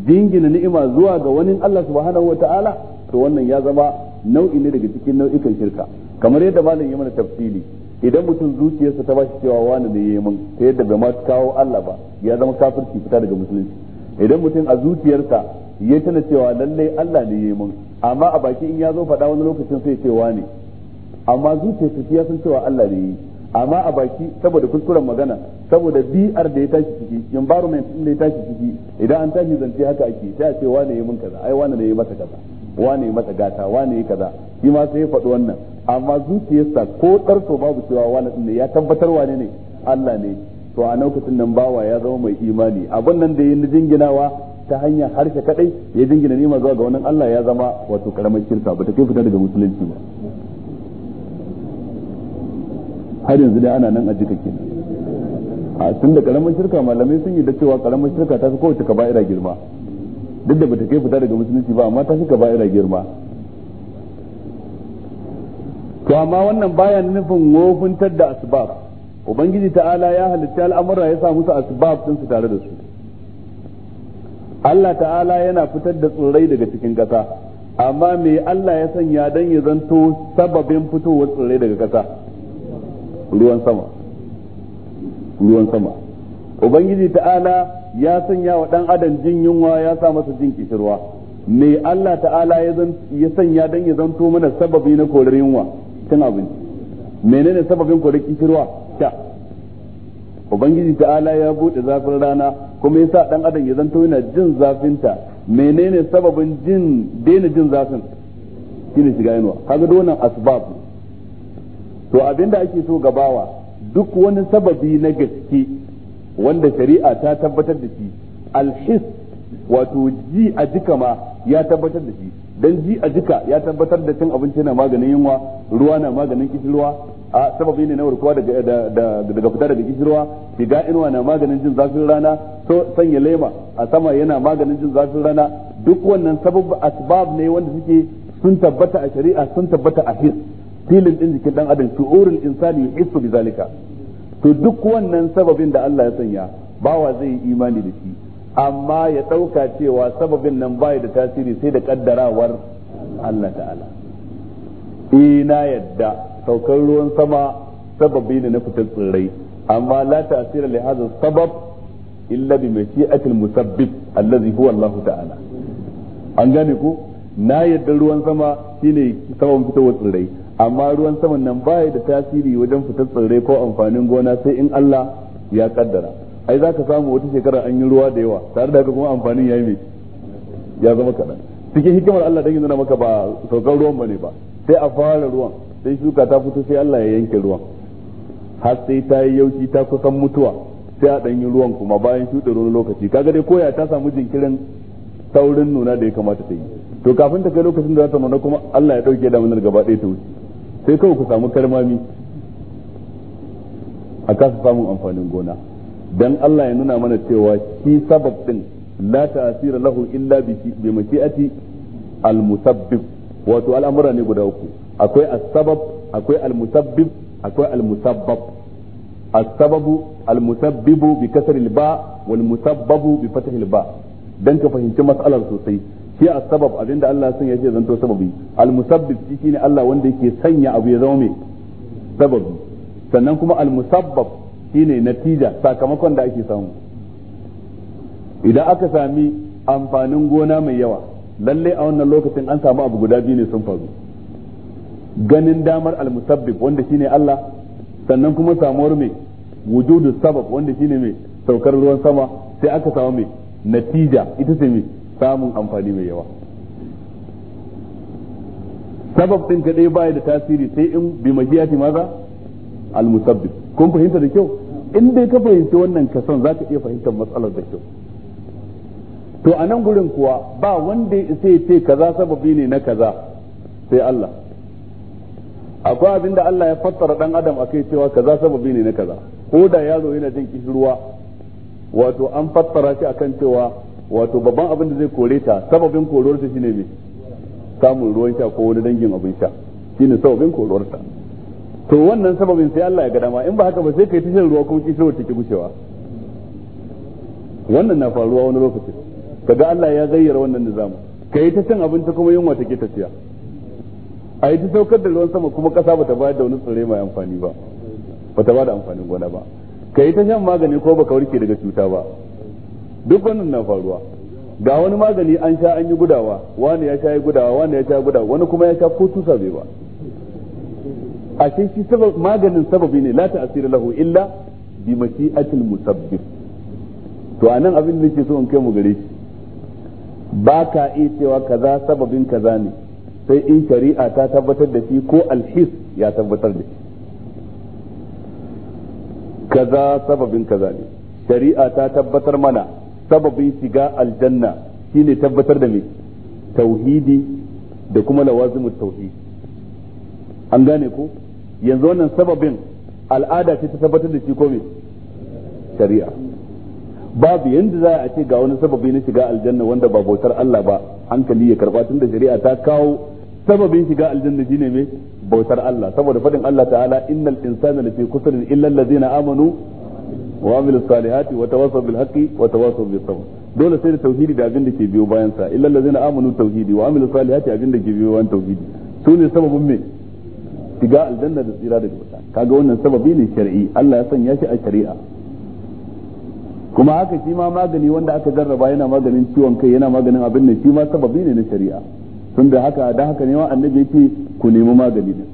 Jingina ni'ima zuwa ga wani Allah subhanahu wataala to wannan ya zama nau'i ne daga cikin nau'ikan shirka kamar yadda malam ya mana tafsili idan mutum zuciyarsa ta bashi cewa wani ne yayin ta yadda bai ma kawo Allah ba ya zama kafirci fita daga musulunci idan mutum a zuciyarsa ya tana cewa lallai Allah ne yayin amma a baki in ya zo faɗa wani lokacin sai ce wani amma zuciyarsa ya san cewa Allah ne yayin amma a baki saboda kuskuren magana saboda bi'ar da ya tashi ciki environment din da ya tashi ciki idan an tashi zance haka ake sai a ce wane yi mun kaza ai wane ne yi masa kaza wane yi masa gata wane yi kaza shi ma sai ya faɗi wannan amma zuciyarsa ko ɗarto babu cewa wane ne ya tabbatar wane ne Allah ne to a lokacin nan bawa ya zama mai imani abin nan da ya jinginawa ta hanyar harshe kadai ya jingina nima zuwa ga wannan Allah ya zama wato karamar shirka ba ta kai fita daga musulunci ba har yanzu dai ana nan a jika kenan a tun da karamar shirka malamai sun yi da cewa karamin shirka ta fi kowace kaba'ira girma duk da bata kai fita daga musulunci ba amma ta fi kaba'ira girma to amma wannan baya nufin wofintar da asbab ubangiji ta'ala ya halitta al'amura ya sa musu asbab din su tare da su Allah ta'ala yana fitar da tsirrai daga cikin kasa amma me Allah ya sanya dan ya zanto sababin fitowar tsirrai daga kasa ruwan sama ruwan sama ubangiji ta'ala ya sanya wa dan adam jin yunwa ya sa masa jin kishirwa me Allah ta'ala ya sanya dan ya zanto mana sababi na korar yunwa cin abinci menene sababin korar kishirwa ta ubangiji ta'ala ya bude zafin rana kuma ya sa dan adam ya zanto yana jin zafinta menene sababin jin daina jin zafin shine shiga yunwa kaga donan asbabu to abin da ake so gabawa duk wani sababi na gaske wanda shari'a ta tabbatar da shi alhis wato ji a jika ma ya tabbatar da shi dan ji a jika ya tabbatar da cin abinci na maganin yunwa ruwa na maganin kishirwa a sababi ne na warkuwa daga daga fita daga kishirwa shiga inuwa na maganin jin zafin rana so sanya lema a sama yana maganin jin zafin rana duk wannan sabab asbab ne wanda suke sun tabbata a shari'a sun tabbata a his filin din jikin dan adam shu'urul insani yuhissu bizalika to duk wannan sababin da Allah ya sanya bawa zai yi imani da shi amma ya dauka cewa sababin nan bai da tasiri sai da kaddarawar Allah ta'ala ina yadda saukar ruwan sama sababi ne na fitar tsirrai amma la ta'sira li hadha sabab illa bi mashi'atil musabbib allazi huwa Allah ta'ala an gane ko na yadda ruwan sama shine sabon fitowar tsirrai amma ruwan saman nan baya da tasiri wajen fitar tsirrai ko amfanin gona sai in Allah ya kaddara ai zaka samu wata shekara an yi ruwa da yawa tare da haka kuma amfanin ya yi ya zama kaɗan cikin hikimar Allah dan yana maka ba saukar ruwan bane ba sai a fara ruwan sai shuka ta fito sai Allah ya yanke ruwan har sai ta yi yauki ta kusan mutuwa sai a yi ruwan kuma bayan shuɗe ruwan lokaci kaga dai koya ta samu jinkirin saurin nuna da ya kamata ta yi to kafin ta kai lokacin da za ta nuna kuma Allah ya dauke da gaba ɗaya ta wuce sai kawai ku samu karmami a kasa samun amfanin gona dan Allah ya nuna mana cewa shi sabab din la ta'sira lahu illa bi mashi'ati al-musabbib wato al'amura ne guda uku akwai as-sabab akwai al-musabbib akwai al-musabbab as-sababu al-musabbibu bi kasri al-ba wal musabbabu bi fathi al-ba dan ka fahimci mas'alar sosai shi a sabab abinda Allah sanya shi zanto sababi al musabbib shi shine Allah wanda yake sanya abu ya zama mai sababi sannan kuma al musabbab shine natija sakamakon da ake samu idan aka sami amfanin gona mai yawa lalle a wannan lokacin an samu abu guda biyu ne sun faru ganin damar al musabbib wanda shine Allah sannan kuma samuwar mai wujudu sabab wanda shine mai saukar ruwan sama sai aka samu mai natija ita ce mai samun amfani mai yawa sabab din kadai baya da tasiri sai in bi mahiyati maza al musabbib kun fahimta da kyau in dai ka fahimci wannan kasan zaka iya fahimtar matsalar da kyau to a nan gurin kuwa ba wanda sai ce kaza sababi ne na kaza sai Allah akwai abin Allah ya fassara dan adam akai cewa kaza sababi ne na kaza ko da yaro yana jin ruwa wato an fassara shi akan cewa wato babban abin da zai kore ta sababin ta shine ne samun ruwan sha ko wani dangin abin sha shine sababin ta to wannan sababin sai Allah ya ga dama in ba haka ba sai kai ta shan ruwa kuma kishirwa take gushewa wannan na faruwa wani lokacin kaga Allah ya gayyara wannan nizamu kai ta cin abinci kuma yunwa take tafiya a yi ta saukar da ruwan sama kuma kasa bata bayar da wani tsirrai mai amfani ba bata ba da amfanin gona ba ka yi ta shan magani ko baka warke daga cuta ba duk wannan na faruwa ga wani magani an sha an yi gudawa wani ya sha yi gudawa wani ya sha gudawa wani kuma ya sha ko tusa bai ba a shi shi maganin sababi ne la ta'sir lahu illa bi mashi'atil musabbib to anan abin da yake so in kai mu gare shi ba ka iya cewa kaza sababin kaza ne sai in shari'a ta tabbatar da shi ko alhis ya tabbatar da shi kaza sababin kaza ne shari'a ta tabbatar mana sababin shiga aljanna shine tabbatar da me tauhidi da kuma lawazimut tauhid an gane ko yanzu wannan sababin al'ada ce ta tabbatar da shi ko me shari'a babu yanda za a ce ga wani sababi na shiga aljanna wanda ba bautar Allah ba hankali ya karba tunda shari'a ta kawo sababin shiga aljanna shine me bautar Allah saboda fadin Allah ta'ala innal insana lafi kusrin illa allazina amanu وعمل الصالحات salihati بالحق tawassaw بالصبر دول سير التوحيد bis sabr dole sai da tauhidi da abin da ke وعملوا bayan sa illal ladzina amanu tauhidi wa amilus salihati abin da ke biyo bayan tauhidi su ne aljanna da tsira wannan sababi ne shar'i Allah ya sanya shi a shari'a kuma haka shi ma magani wanda aka jarraba yana maganin ciwon kai yana maganin abin nan shi ma sababi ne na shari'a tun da haka da haka ne wa annabi yake ku nemi magani din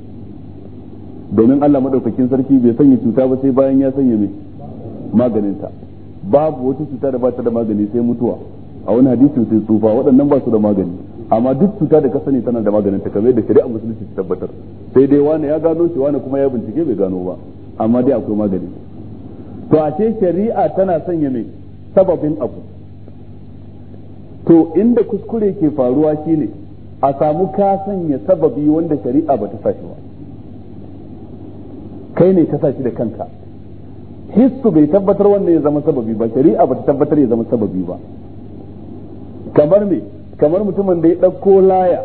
domin Allah madaukakin sarki bai sanya cuta ba sai bayan ya sanya mai maganinta babu wata cuta da ba ta da magani sai mutuwa a wani hadisi sai tsufa waɗannan ba su da magani amma duk cuta da ka sani tana da maganin ta kamar da shari'a musulunci ta tabbatar sai dai wani ya gano shi wani kuma ya bincike bai gano ba amma dai akwai magani to a ce shari'a tana sanya mai sababin abu to inda kuskure ke faruwa shine a samu ka sanya sababi wanda shari'a ba ta sa shi ba kai ne ka sa shi da kanka hissu bai tabbatar wanda ya zama sababi ba shari'a ba ta tabbatar ya zama sababi ba kamar me kamar mutumin da ya ɗauko laya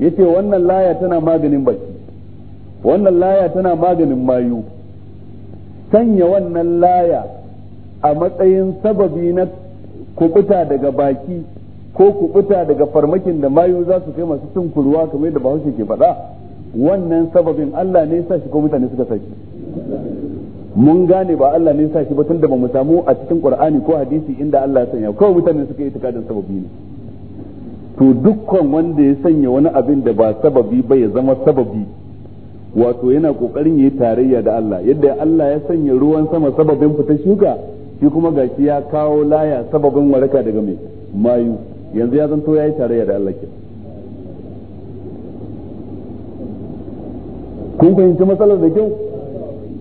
ya ce wannan laya tana maganin baki wannan laya tana maganin mayu sanya wannan laya a matsayin sababi na kubuta daga baki ko kubuta daga farmakin da mayu za su kai masu cin kurwa kamar yadda bahaushe ke faɗa wannan sababin Allah ne sa shi ko mutane suka sa mun gane ba Allah ne sa shi ba tunda ba mu samu a cikin Qur'ani ko hadisi inda Allah ya sanya kawai mutane suka yi itikadin sababi ne to dukkan wanda ya sanya wani abin da ba sababi ba ya zama sababi wato yana kokarin yayi tarayya da Allah yadda Allah ya sanya ruwan sama sababin fita shuka shi kuma gashi ya kawo laya sababin waraka daga mai mayu yanzu ya zanto yayi tarayya da Allah kenan kun fahimci matsalar da kyau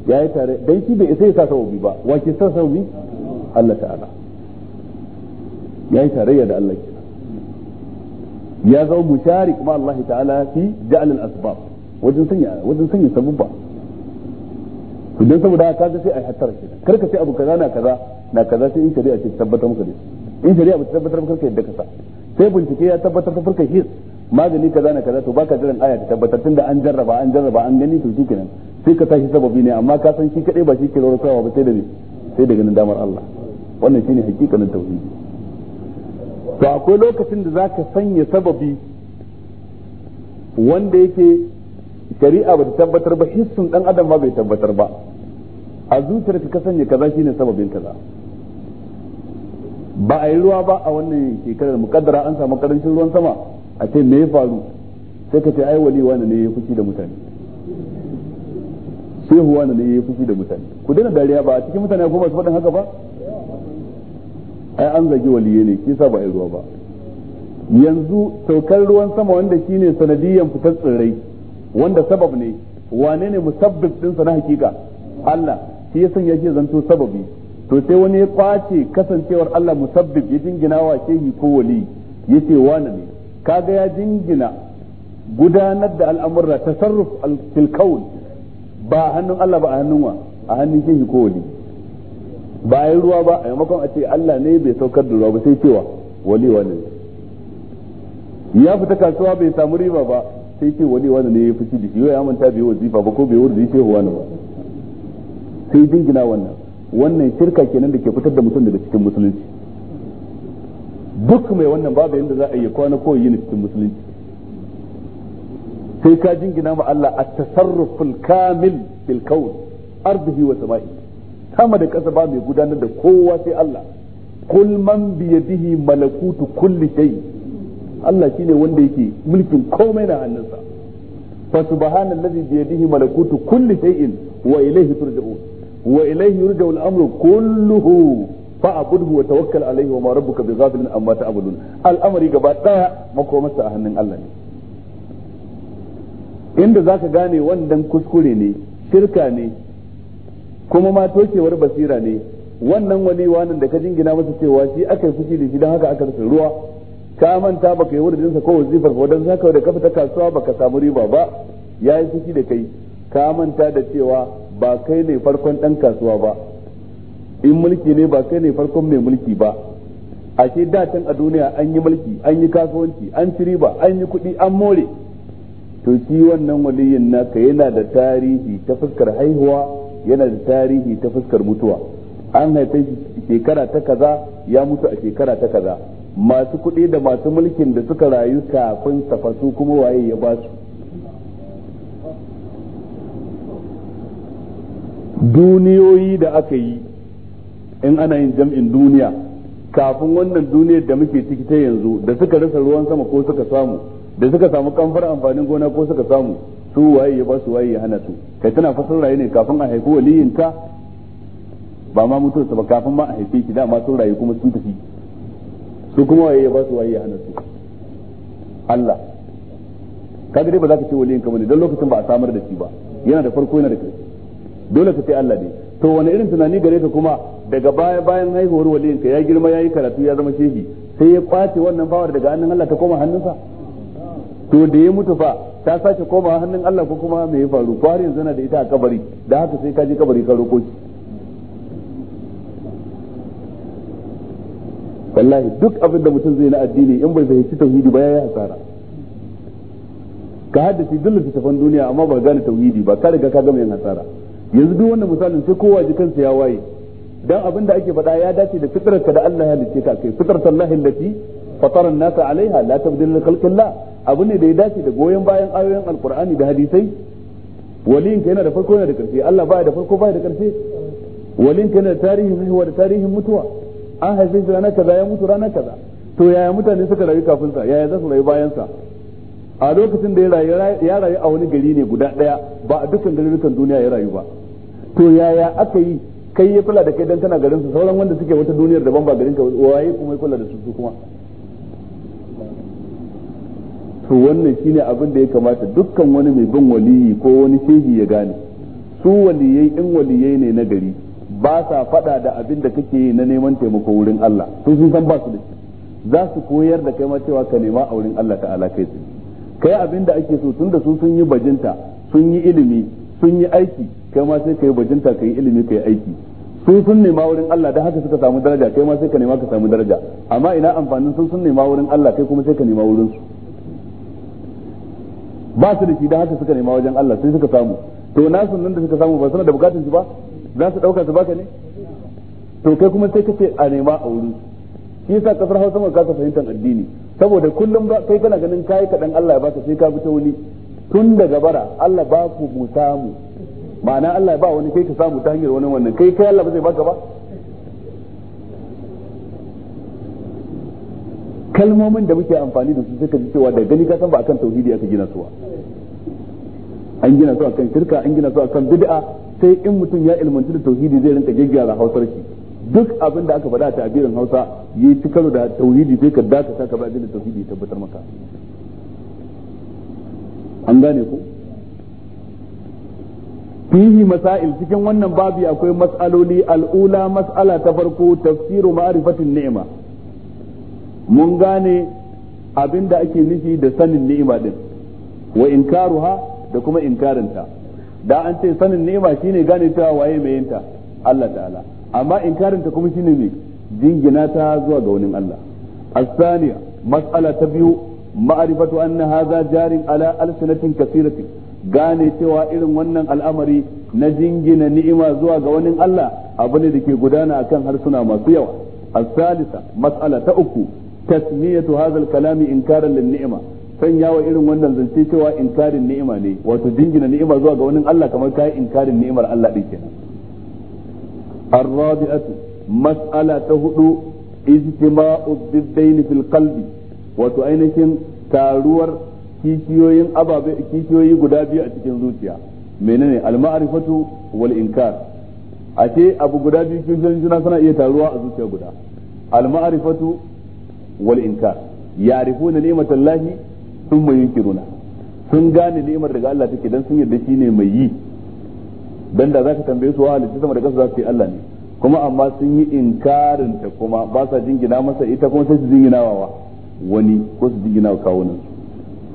ya yi tare dan shi bai isa ya sa sababi ba wa ke sa sababi Allah ta'ala ya yi tarayya da Allah kenan ya zama musharik ma Allah ta'ala fi ja'al al-asbab wajen sanya wajen sanya sababba to dan saboda haka kaga sai ai hattara kenan kar ka sai abu kaza na kaza na kaza sai in shari'a ce tabbatar maka da in shari'a ba ta tabbatar maka yadda ka sa sai bincike ya tabbatar ta farka his magani kaza na kaza to baka jiran aya ta tabbatar tunda an jarraba an jarraba an gani to shikenan sai ka tashi sababi ne amma ka san shi kadai ba shi ke rarrasawa ba sai da sai da ganin damar Allah wannan shine hakikanin tauhidi to akwai lokacin da zaka sanya sababi wanda yake shari'a ba ta tabbatar ba hissun dan adam ba bai tabbatar ba a zuciyar ka sanya kaza shine sababin kaza ba a yi ruwa ba a wannan shekarar mukaddara an samu karancin ruwan sama a ce me ya faru sai ka ce ai wali wani ne ya fushi da mutane huwa na ne yayi fufi da mutane ku daina dariya ba a cikin mutane ko masu faɗin haka ba ai an zagi waliye ne kisa ba ai ruwa ba yanzu saukar ruwan sama wanda shine sanadiyan fitar tsirrai wanda sabab ne wane ne musabbib dinsa na hakika Allah shi ya sanya shi zanto sababi to sai wani ya kwace kasancewar Allah musabbib ya jingina wa shehi ko wali yace wane ne kaga ya jingina gudanar da al'amurra tasarruf al-kawn ba a hannun Allah ba a hannun wa a hannun shehi ko wali ba a yi ruwa ba a maimakon a ce Allah ne bai saukar da ruwa ba sai cewa wali wani ya fita kasuwa bai samu riba ba sai ce wali wani ne ya fi da shi ya manta bai wazifa ba ko bai wurzi shehu wani ba sai jingina wannan wannan shirka kenan da ke fitar da mutum daga cikin musulunci duk mai wannan babu yadda za a yi kwana ko yi cikin musulunci sai ka jingina ma Allah a tasarruful kamil bil kawn ardihi wa sama'i sama da kasa ba mai gudanar da kowa sai Allah kul man bi yadihi malakutu kulli shay Allah shine wanda yake mulkin komai na hannunsa fa subhanallazi bi yadihi malakutu kulli shay'in wa ilayhi turja'un wa ilayhi yurja'u al-amru kulluhu fa'budhu wa tawakkal alayhi wa ma rabbuka bighafilin amma ta'malun al'amari gaba daya makomarsa a hannun Allah ne inda za ka gane wannan kuskure ne shirka ne kuma ma tokewar basira ne wannan wani wanan da ka jingina masa cewa shi aka yi fushi da shi don haka aka rufe ruwa ka manta baka yi wurin ko wazifar ba don haka da ka fita kasuwa baka samu riba ba ya yi fushi da kai ka manta da cewa ba kai ne farkon dan kasuwa ba in mulki ne ba kai ne farkon mai mulki ba ashe da can a duniya an yi mulki an yi kasuwanci an ci riba an yi kuɗi an more to shi wannan waliyin naka yana da tarihi ta fuskar haihuwa yana da tarihi ta fuskar mutuwa an haife shekara ta kaza ya mutu a shekara ta kaza masu kuɗi da masu mulkin da suka rayu kafin safasu kuma waye ya ba su duniyoyi da aka yi in ana yin jam'in duniya kafin wannan duniyar da muke ciki ta yanzu da suka rasa ruwan sama ko suka samu da suka samu kamfar amfanin gona ko suka samu su waye ya ba su waye ya hana su kai tana fasar raye ne kafin a haifi waliyinka ba ma mutuwarsa ba kafin ma a haife ki dama sun rayu kuma sun tafi su kuma waye ya ba su waye ya hana su Allah kaga dai ba za ka ce ba ne don lokacin ba a samar da shi ba yana da farko yana da kai dole ka ce Allah ne to wani irin tunani gare ka kuma daga baya bayan haihuwar waliyinka ya girma ya yi karatu ya zama shehi sai ya kwace wannan bawar daga hannun Allah ta koma hannunsa to da ya mutu fa ta sake koma hannun Allah ko kuma me ya faru ko har yanzu na da ita a kabari da haka sai ka je kabari ka roko shi wallahi duk abin da mutum zai na addini in bai fahimci tauhidi ba yayi hasara ka haddace duk tafan duniya amma ba gane tauhidi ba ka riga ka gama yin hasara yanzu duk wannan misalin sai kowa ji kansa ya waye dan abin da ake faɗa ya dace da ka da Allah ya halice ka kai fitrar Allah allati fatara nasa alaiha la tabdil li khalqillah abu ne da ya dace da goyon bayan ayoyin alqur'ani da hadisai waliyin ka yana da farko yana da karshe Allah baya da farko baya da karshe waliyin yana da tarihin mai da tarihin mutuwa an haife shi rana kaza ya mutu rana kaza to yaya mutane suka rayu kafin sa yaya za su rayu bayan sa a lokacin da ya rayu a wani gari ne guda daya ba a dukkan garurukan duniya ya rayu ba to yaya aka yi kai ya kula da kai dan kana garin su sauran wanda suke wata duniyar daban ba garin ka waye kuma ya kula da su su kuma to wannan shine abin da ya kamata dukkan wani mai bin waliyi ko wani shehi ya gane su waliyai in waliyai ne na gari ba sa fada da abin da kake yi na neman taimako wurin Allah to sun san ba su da shi za su koyar da kai ma cewa ka nema a wurin Allah ta'ala kai tsaye kai abin da ake so tunda su sun yi bajinta sun yi ilimi sun yi aiki kai ma sai kai bajinta kai ilimi kai aiki su sun nema wurin Allah da haka suka samu daraja kai ma sai ka nema ka samu daraja amma ina amfanin sun sun nema wurin Allah kai kuma sai ka nema wurin su ba su da shi da haka suka nema wajen Allah sai suka samu to nasu nan da suka samu ba suna da bukatun shi ba za su dauka su baka ne to kai kuma sai kace a nema a wuri shi yasa kasar Hausa ma kasa fahimtar addini saboda kullum ba kai kana ganin kai dan Allah ya baka sai ka bi ta wuni tun daga bara Allah ba ku mu samu ma'ana Allah ba wani kai ka samu ta hanyar wani wannan kai kai Allah ba zai baka ba kalmomin da muke amfani da su sai ka ji cewa da gani ka san ba akan tauhidi aka gina su an gina su akan shirka an gina su akan bid'a sai in mutum ya ilmanci da tauhidi zai rinka gaggara hausar shi duk abin da aka faɗa a tabirin Hausa yi ci da tauhidi sai ka dakata ka ba da tauhidi tabbatar maka an gane ku fihi masail cikin wannan babu akwai mas'aloli al'ula mas'ala ta farko tafsiru ma'rifatin ni'ima mun gane abin da ake nufi da sanin ni'ima din wa inkaruha da kuma inkarinta da an ce sanin ni'ima shine gane ta waye mai yinta Allah ta'ala amma inkarinta kuma shine ne jingina ta zuwa ga wani Allah mas'ala ta biyu معرفة anna hadha jarin ala ألسنة كثيرة gane cewa irin wannan al'amari na jingina ni'ima zuwa ga wani Allah abu ne da ke gudana akan harsuna masu yawa Salisa masala ta uku tasmiyatu hadha al-kalami inkaran lin-ni'ma sanya irin wannan zance cewa inkarin ni'ima ne wato jingina ni'ima zuwa ga wani Allah kamar kai inkarin ni'imar Allah din kenan ar-rabi'atu mas'ala ta hudu ijtima'u biddaini fil qalbi wato ainihin taruwar kishiyoyin ababe kishiyoyi guda biyu a cikin zuciya menene al-ma'rifatu wal inkar a ce abu guda biyu kishiyoyin juna suna iya taruwa a zuciya guda al-ma'rifatu wal inkar ya'rifuna ni'matallahi thumma yunkiruna sun gane ni'imar daga Allah take dan sun yarda shine mai yi dan da zaka tambaye su wa halitta sama da kasa za yi Allah ne kuma amma sun yi inkarin ta kuma ba sa jingina masa ita kuma sai su jingina wa wani ko su jingina wa kawunan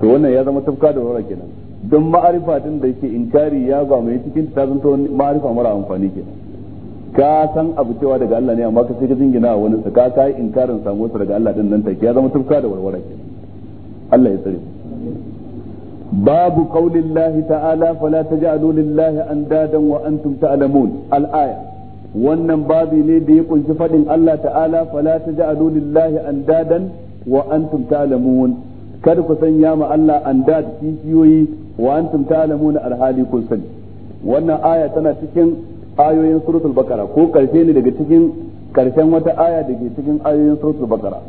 to wannan ya zama tafka da wara kenan don ma'arifa din da yake inkari ya mai cikin ta zanto ma'arifa mara amfani kenan ka san abu cewa daga Allah ne amma ka sai ka jingina a wani ka yi inkarin samu sa daga Allah din nan take ya zama tufka da warwara ke Allah ya tsare babu qaulillahi ta'ala fala taj'alu lillahi andadan wa antum ta'lamun al-aya wannan babi ne da ya kunshi fadin Allah ta'ala fala taj'alu lillahi andadan wa antum ta'lamun kada ku sanya ma Allah andad kishiyoyi wa antum ta'lamun al-hali kun sani wannan aya tana cikin ayoyin suratul bakara ko karshe ne daga cikin karshen wata aya da ke cikin ayoyin suratul bakara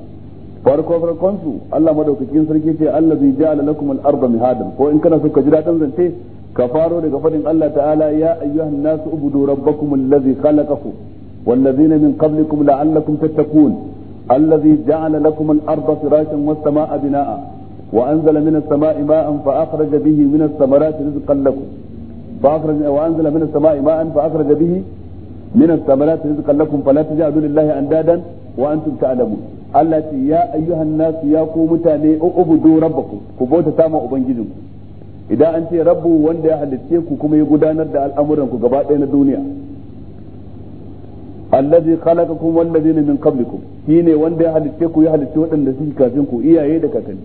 farko farkon su Allah madaukakin sarki ce Allah zai ja'ala lakum al-ardha mihadan ko in kana so ka ji dadin zance ka faro daga fadin Allah ta'ala ya ayyuhan nasu ubudu rabbakum allazi khalaqakum wallazina min qablikum la'allakum tattaqun الذي جعل لكم الأرض فراشا والسماء بناء وأنزل من السماء ماء فأخرج به من الثمرات رزقا لكم fa akhraja wa anzala a sama'i ma'an fa akhraja bihi minas samarati rizqan lakum fala taj'alu lillahi andadan wa antum ta'lamun Allah ce ya ayyuhan nas ya ku mutane ubudu rabbakum ku bauta sama ubangijinku idan an ce rabbu wanda ya halicce ku kuma ya gudanar da al'amuran ku gaba ɗaya na duniya allazi khalaqakum wallazina min wanda ya halicce ku ya halicce waɗanda suke kafin ku iyaye da kakanni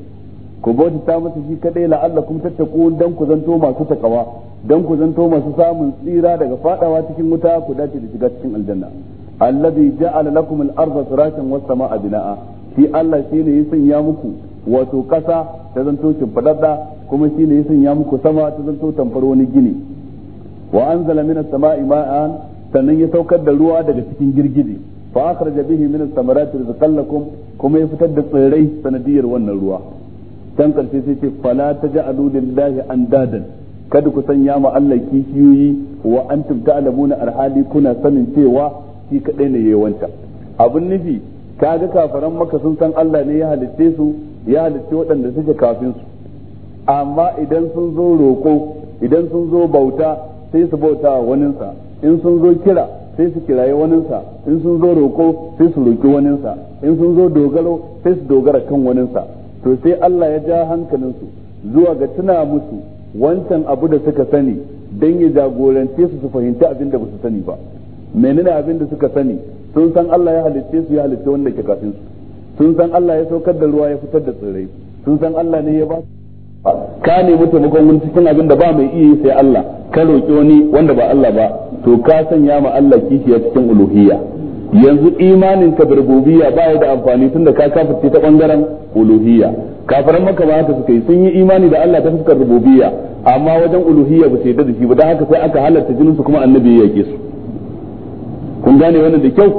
ku bauta masa shi kadai la'allakum tattaku dan ku zanto masu takawa dan ku zanto masu samun tsira daga fadawa cikin wuta ku dace da shiga cikin aljanna alladhi ja'ala lakum al-ardha firashan was samaa bina'a shi Allah yasan ya sanya muku wato kasa ta zanto shimfadadda kuma shi yasan ya sanya muku sama ta zanto tamfar wani gini wa anzala minas samaa'i ma'an sannan ya saukar da ruwa daga cikin girgije fa akhraja bihi minas samarati rizqan lakum kuma ya fitar da tsirrai sanadiyar wannan ruwa dan karshe sai ce fala taj'alu lillahi andadan kada ku sanya ma Allah kishiyoyi wa antum ta'lamuna arhali kuna sanin cewa shi kadai ne yawanta abun nufi kaga kafaran maka sun san Allah ne ya halitte su ya halitte waɗanda suke kafin su amma idan sun zo roƙo idan sun zo bauta sai su bauta waninsa in sun zo kira sai su kiraye waninsa in sun zo roƙo sai su roƙi waninsa in sun zo dogaro sai su dogara kan waninsa to sai Allah ya ja hankalinsu zuwa ga tuna musu wancan abu da suka sani don ya jagorance su su fahimci abin da ba su sani ba menene abin da suka sani sun san Allah ya halitte su ya halicce wanda ke kafin su sun san Allah ya saukar da ruwa ya fitar da tsirrai sun san Allah ne ya ba ka nemi taimakon wani cikin abin da ba mai iya sai Allah ka roƙi wani wanda ba Allah ba to ka sanya ma Allah kishiya cikin uluhiyya yanzu imanin ka birbubiya ba ya da amfani tun da ka kafirce ta bangaren uluhiyya kafiran maka ba haka suka yi sun yi imani da Allah ta fuskar rububiyya amma wajen uluhiyya ba su da shi ba dan haka sai aka halarta jinin su kuma annabi ya yake su kun gane wannan da kyau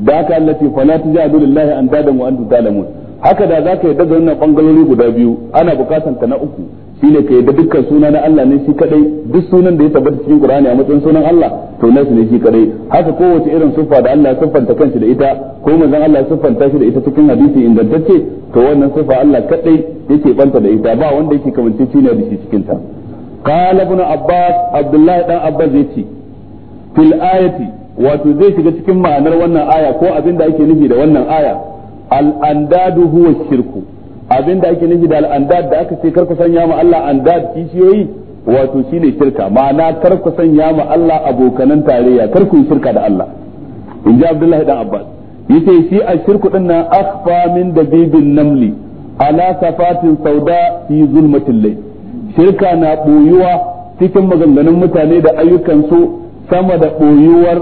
da aka Allah ce fala tujadu lillahi andadan wa antum haka da zaka yadda da wannan bangalori guda biyu ana bukatan ka na uku shine ka yadda dukkan suna na Allah ne shi kadai duk sunan da ya tabbata cikin Qur'ani a matsayin sunan Allah to nasu ne shi kadai haka kowace irin siffa da Allah ya siffanta kanshi da ita ko manzon Allah ya siffanta shi da ita cikin hadisi ingantacce to wannan siffa Allah kadai yake banta da ita ba wanda yake kamance shi ne da shi cikin ta qala ibn abbas abdullahi dan abbas yace fil ayati wato zai shiga cikin ma'anar wannan aya ko abin da ake nufi da wannan aya al andadu huwa shirku abin da ake nufi da al'andad da aka ce kar sanya ma Allah andad kishiyoyi wato shine shirka ma'ana kar sanya ma Allah abokanan tarayya karku shirka da Allah in ji Abdullahi dan Abbas yace shi a shirku din nan akhfa min dabibin namli ala safatin sauda fi zulmatil layl shirka na boyuwa cikin maganganun mutane da ayyukan su sama da boyuwar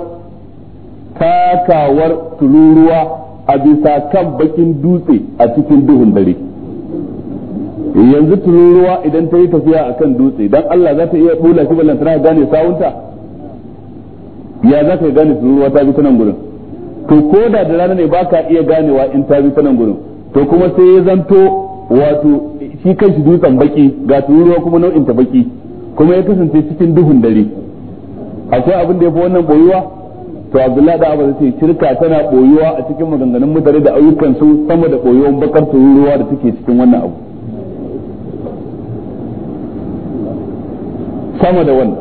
takawar tururuwa a bisa kan bakin dutse a cikin duhun dare yanzu tururuwa idan ta yi tafiya a kan dutse dan Allah za ta iya bula shi ballan tana gane sawunta ya za ka gane tururuwa ta bi ta nan gurin to ko da da rana ne baka iya ganewa in ta bi ta nan gurin to kuma sai ya zanto wato shi kanshi dutsen baki ga tururuwa kuma nau'in ta baki kuma ya kasance cikin duhun dare akwai abin da ya fi wannan boyuwa to abdullahi da abu ce shirka tana boyuwa a cikin maganganun mutane da ayyukan su sama da boyuwan bakar tururuwa da take cikin wannan abu sama da wannan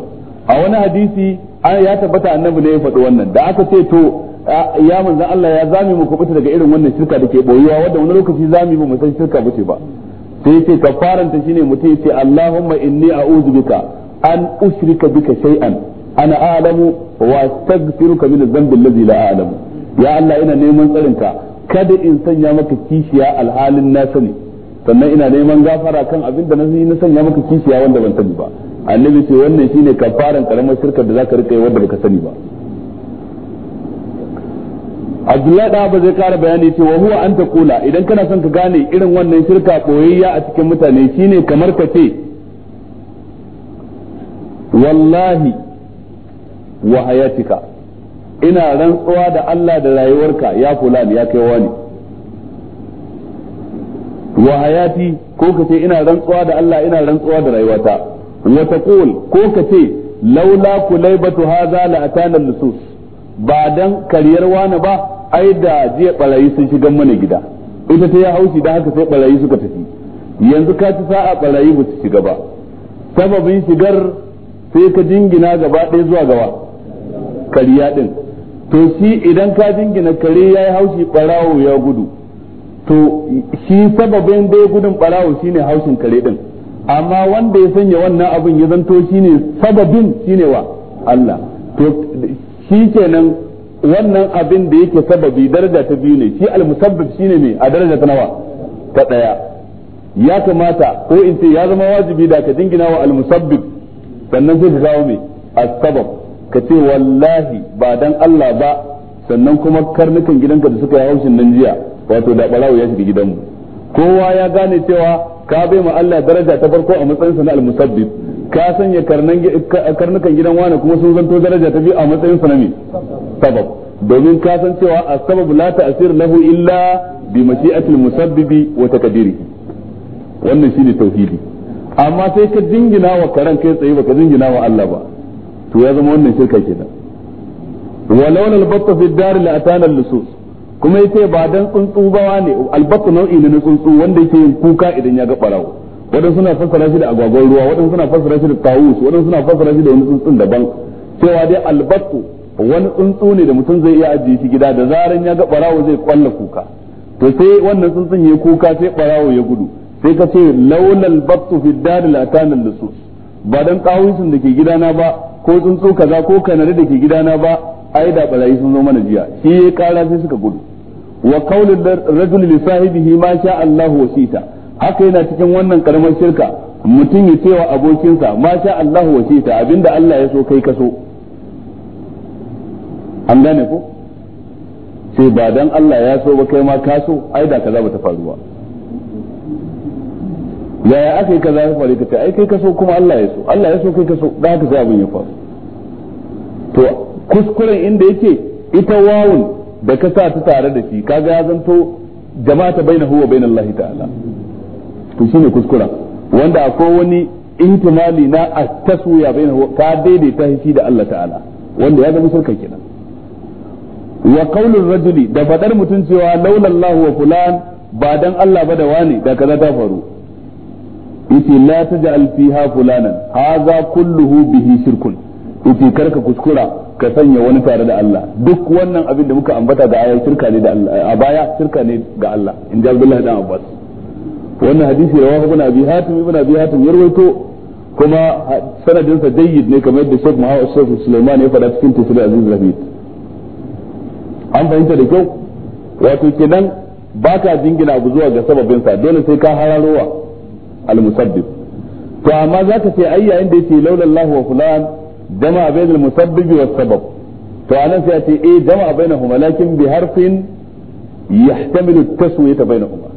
a wani hadisi ya tabbata annabi ne ya faɗi wannan da aka ce to ya manzan Allah ya zami mu kubuta daga irin wannan shirka da ke boyuwa wadda wani lokaci zami mu san shirka ce ba sai yace kafaranta shine mutum ce Allahumma inni a'udhu bika an ushrika bika shay'an ana a'lamu wa astaghfiruka min adh-dhanbi alladhi la a'lamu ya Allah ina neman tsarinka kada in sanya maka kishiya alhalin na sani sannan ina neman gafara kan abin da na na sanya maka kishiya wanda ban sani ba annabi ce wannan shine kafaran karamar shirkar da zaka rika yi wanda baka sani ba Abdullahi da ba zai kara bayani ce wa huwa an kula idan kana son ka gane irin wannan shirka koyayya a cikin mutane shine kamar ka ce wallahi wa hayatika ina rantsuwa da Allah da rayuwarka ya fulan ya kai wani wa hayati ko ka ce ina rantsuwa da Allah ina rantsuwa da rayuwata wa taqul ko kace laula kulaybatu hadha la atana nusus ba dan kariyar wani ba ai da jiya barayi sun shiga mana gida ita ta ya haushi da haka sai barayi suka tafi yanzu ka ci sa'a barayi ba su shiga ba sababin shigar sai ka jingina gaba ɗaya zuwa gaba kariya din to shi idan ka jingina kare ya yi haushi barawo ya gudu to shi sababin dai gudun barawo shine haushin kare din amma wanda ya sanya wannan abin ya zanto shine sababin shine wa Allah to shi kenan wannan abin da yake sababi daraja ta biyu ne shi almusabbib shine ne a daraja ta nawa ta daya ya kamata ko in ce ya zama wajibi da ka dingina wa almusabbib sannan sai ka kawo me sabab ka ce wallahi ba dan Allah ba sannan kuma karnukan gidanka da suka yi haushin nan jiya wato da barawo ya shiga gidanmu kowa ya gane cewa ka bai ma Allah daraja ta farko a matsayin sa na al ka sanya karnukan gidan wani kuma sun zanto daraja ta biyu a matsayin sa na me sabab domin ka san cewa a sabab la ta'sir lahu illa bi mashi'atil musabbibi wa taqdiri wannan shine tauhidi amma sai ka dingina wa karan kai tsaye baka dingina wa Allah ba to ya zama wannan shirka kenan ولولا البط في الدار لأتانا اللصوص kuma ce ba dan tsuntsu ba ne albatu nau'i ne na tsuntsu wanda yake yin kuka idan ya ga barawo wadan suna fassara shi da agwagwar ruwa wadan suna fassara shi da tawus wadan suna fassara shi da wani tsuntsun daban cewa dai albatu wani tsuntsu ne da mutum zai iya ajiye shi gida da zaran ya ga barawo zai kwalla kuka to sai wannan tsuntsun ya kuka sai barawo ya gudu sai ka ce laula battu fi dar la kana lusus ba dan tawusin da ke gidana ba ko tsuntsu kaza ko kanare da ke gidana ba ai da barayi sun zo mana jiya shi ya kara sai suka gudu wa qaulul rajul li sahibihi ma sha Allahu wasita haka yana cikin wannan karamar shirka mutum ya cewa abokinsa ma sha Allahu wasita abinda Allah ya so kai ka so an gane ko sai ba dan Allah ya so ba kai ma ka so ai da kaza bata ta ba yaya aka yi kaza ya faru kace ai kai ka so kuma Allah ya so Allah ya so kai ka so da haka sai abin ya faru to kuskuren inda yake ita wawun da ka sa ta tare da shi kaga ya zanto jama'ata bainahu wa lahi ta'ala to shine kuskura wanda akwai wani intimali na at-taswiya bainahu ka daidaita shi da Allah ta'ala wanda ya zama shirka kenan wa qaulur rajuli da fadar mutun cewa laula Allah wa fulan ba dan Allah ba da wani da kaza ta faru yace la taj'al fiha fulanan hadha kulluhu bihi shirkun yace karka kuskura ka sanya wani tare da Allah duk wannan abin da muka ambata ga aya shirka ne da Allah a baya shirka ne ga Allah in ji Abdullah dan Abbas wannan hadisi rawahu ibn Abi Hatim ibn Abi Hatim ya kuma sanadin sa jayyid ne kamar yadda Sheikh Muhammad Sheikh Sulaiman ya faɗa cikin tafsir Aziz Rabi an fahimta da kyau wato kenan baka jingina abu zuwa ga sababin sa dole sai ka hararowa al-musabbib to amma zaka ce ai yayin da yake laulallahu wa fulan jama'a bainal musabbibi was sabab to anan sai a ce eh jama'a bainahuma lakin bi harfin yahtamilu taswiyata bainahuma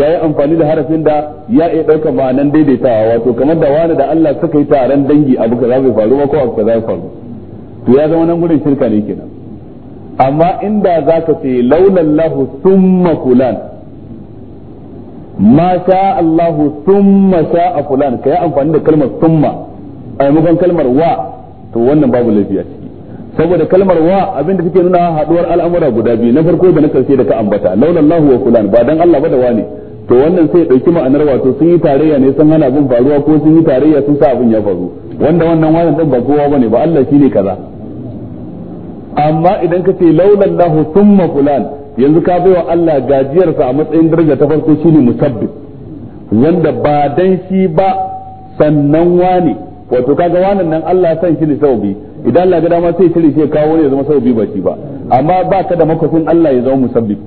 yayi amfani da harafin da ya iya dauka ma'anan daidaitawa wato kamar da wani da Allah suka yi taron dangi abu kaza bai faru ba ko abu kaza bai faru to ya zama nan gurin shirka ne kenan amma inda zaka ce laulallahu thumma fulan ma sha Allahu thumma sha'a fulan kai amfani da kalmar thumma a maimakon kalmar wa to wannan babu laifi a ciki saboda kalmar wa abin da take nuna haduwar al'amura guda biyu na farko da na karshe da ka ambata laulallahu wa kulan ba dan Allah ba da wani to wannan sai dauki ma'anar wato sun yi tarayya ne sun hana abin faruwa ko sun yi tarayya sun sa abin ya faru wanda wannan wani din ba kowa bane ba Allah shine kaza amma idan ka ce laulallahu thumma kulan yanzu ka bai wa Allah gajiyarsa a matsayin daraja ta farko shine musabbib wanda ba dan shi ba sannan wani wato kaga wannan nan Allah ya san shi ne sababi idan Allah ga dama sai shiri shi kawo ne ya zama sababi ba shi ba amma ba ka da makofin Allah ya zama musabbib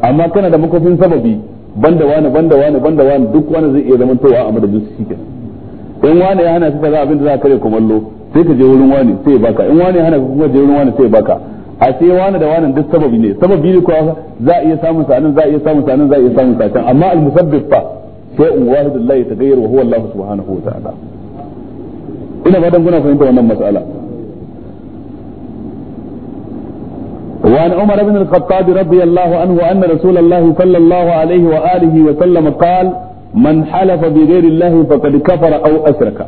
amma kana da makofin sababi banda wani banda wani banda wani duk wani zai iya zaman towa a madadin su shike in wani ya hana ka za abin da za ka kumallo sai ka je wurin wani sai baka in wani ya hana ka kuma je wurin wani sai baka a sai wani da wani duk sababi ne sababi ne kuwa za a iya samun sanin za a iya samun sanin za a iya samun sanin amma al musabbib fa sai shay'un wahidun la yataghayyar wa huwa Allah subhanahu wa ta'ala ina fatan kuna fahimta wannan mas'ala وعن عمر بن الخطاب رضي الله عنه أن رسول الله صلى الله عليه وآله وسلم قال من حلف بغير الله فقد كفر أو أشرك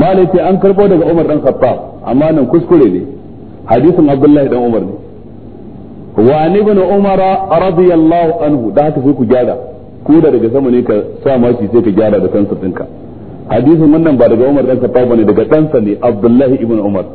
ما لتي أنكر بودك عمر بن الخطاب أما ننكس كل حديث عبد الله بن عمر وعن ابن عمر رضي الله عنه ده تفوق جادة كودا daga sama ne ka sa mashi sai ka gyara da kansa ɗinka. hadisin wannan ba daga Umar dan Khattab bane daga ɗansa ne Abdullah ibn Umar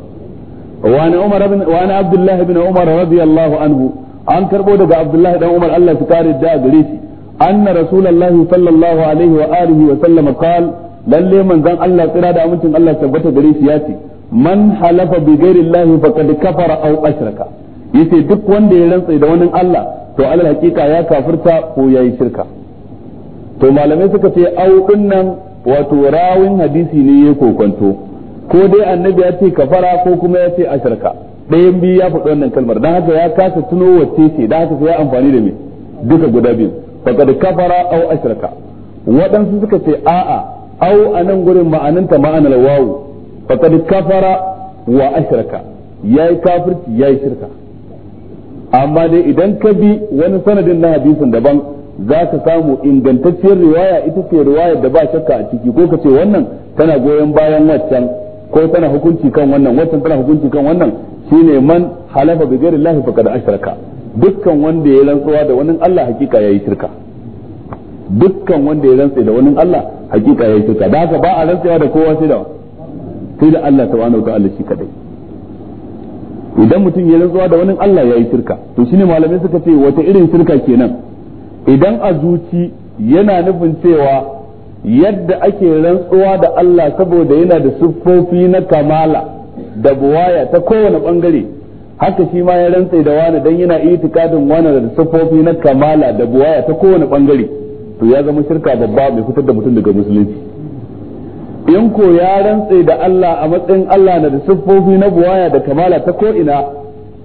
wa ana Umar ibn wa ana Abdullah ibn Umar radiyallahu anhu an karbo daga Abdullah dan Umar Allah su kare da gare shi anna rasulullahi sallallahu alaihi wa alihi wa sallam qal lalle manzon Allah tsira da amincin Allah tabbata gare shi yace man halafa bi ghairi Allah faqad kafara aw ashraka yace duk wanda ya rantsa da wani Allah to alal hakika ya kafirta ko yayi shirka to malamai suka ce au dinnan wato rawin hadisi ne ya kokonto ko dai annabi ya ce kafara ko kuma ya ce ashirka ɗayan biyu ya faɗi wannan kalmar dan haka ya kasa tuno wacce ce dan haka sai ya amfani da me duka guda biyu faqad kafara aw ashirka waɗansu suka ce a'a aw anan gurin ma'ananta ma'anar wawu faqad kafara wa ashirka yayi kafirci yayi shirka amma dai idan ka bi wani sanadin na hadisin daban za ka samu ingantacciyar riwaya ita ce riwaya da ba shakka a ciki ko ka ce wannan tana goyon bayan waccan ko tana hukunci kan wannan waccan tana hukunci kan wannan shine man halafa bi ghairi llahi faqad ashraka dukkan wanda ya rantsuwa da wani Allah hakika yayi shirka dukkan wanda ya rantsa da wani Allah hakika yayi shirka da haka ba a rantsuwa da kowa sai da sai da Allah subhanahu wa ta'ala shi kadai idan mutum ya rantsuwa da wani Allah yayi shirka to shine malamai suka ce wata irin shirka kenan idan a zuci yana nufin cewa yadda ake rantsuwa da Allah saboda yana da siffofi na kamala da buwaya ta kowane bangare haka shi ma ya rantse da wani dan yana itikadin wani da siffofi na kamala da buwaya ta kowane bangare to ya zama shirka babba mai fitar da mutum daga musulunci in ko ya rantse da Allah a matsayin Allah na da siffofi na buwaya da kamala ta ko ina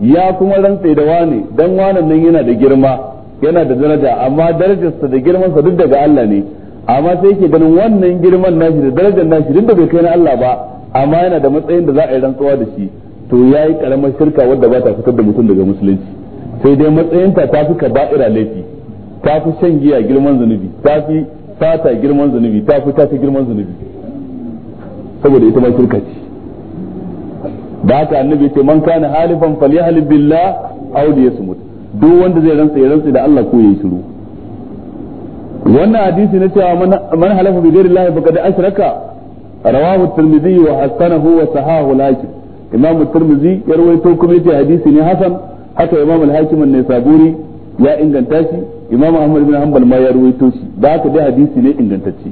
ya kuma rantse da wani dan wani nan yana da girma yana da daraja amma darajarsa da girmansa duk daga Allah ne amma sai yake ganin wannan girman nashi da darajar nashi duk da bai kai na Allah ba amma yana da matsayin da za a yi rantsuwa da shi to yayi karamar shirka wadda ba ta fitar da mutum daga musulunci sai dai matsayinta ta fi kaba'ira laifi ta fi shan giya girman zunubi ta fi sata girman zunubi ta fi tafi girman zunubi saboda ita ma shirka ce da haka annabi ce man kana halifan falyahlib billah aw liyasmut duk wanda zai rantsa ya rantsa da Allah ko ya shiru wannan hadisi na cewa man halafa bi ghairi Allah faqad ashraka rawahu at-Tirmidhi wa hasanahu wa sahahu lakin Imam at-Tirmidhi ya rawaito kuma yace hadisi ne hasan haka Imam al-Hakim an-Naisaburi ya inganta shi Imam Ahmad bin Hanbal ma ya rawaito shi da haka dai hadisi ne ingantacce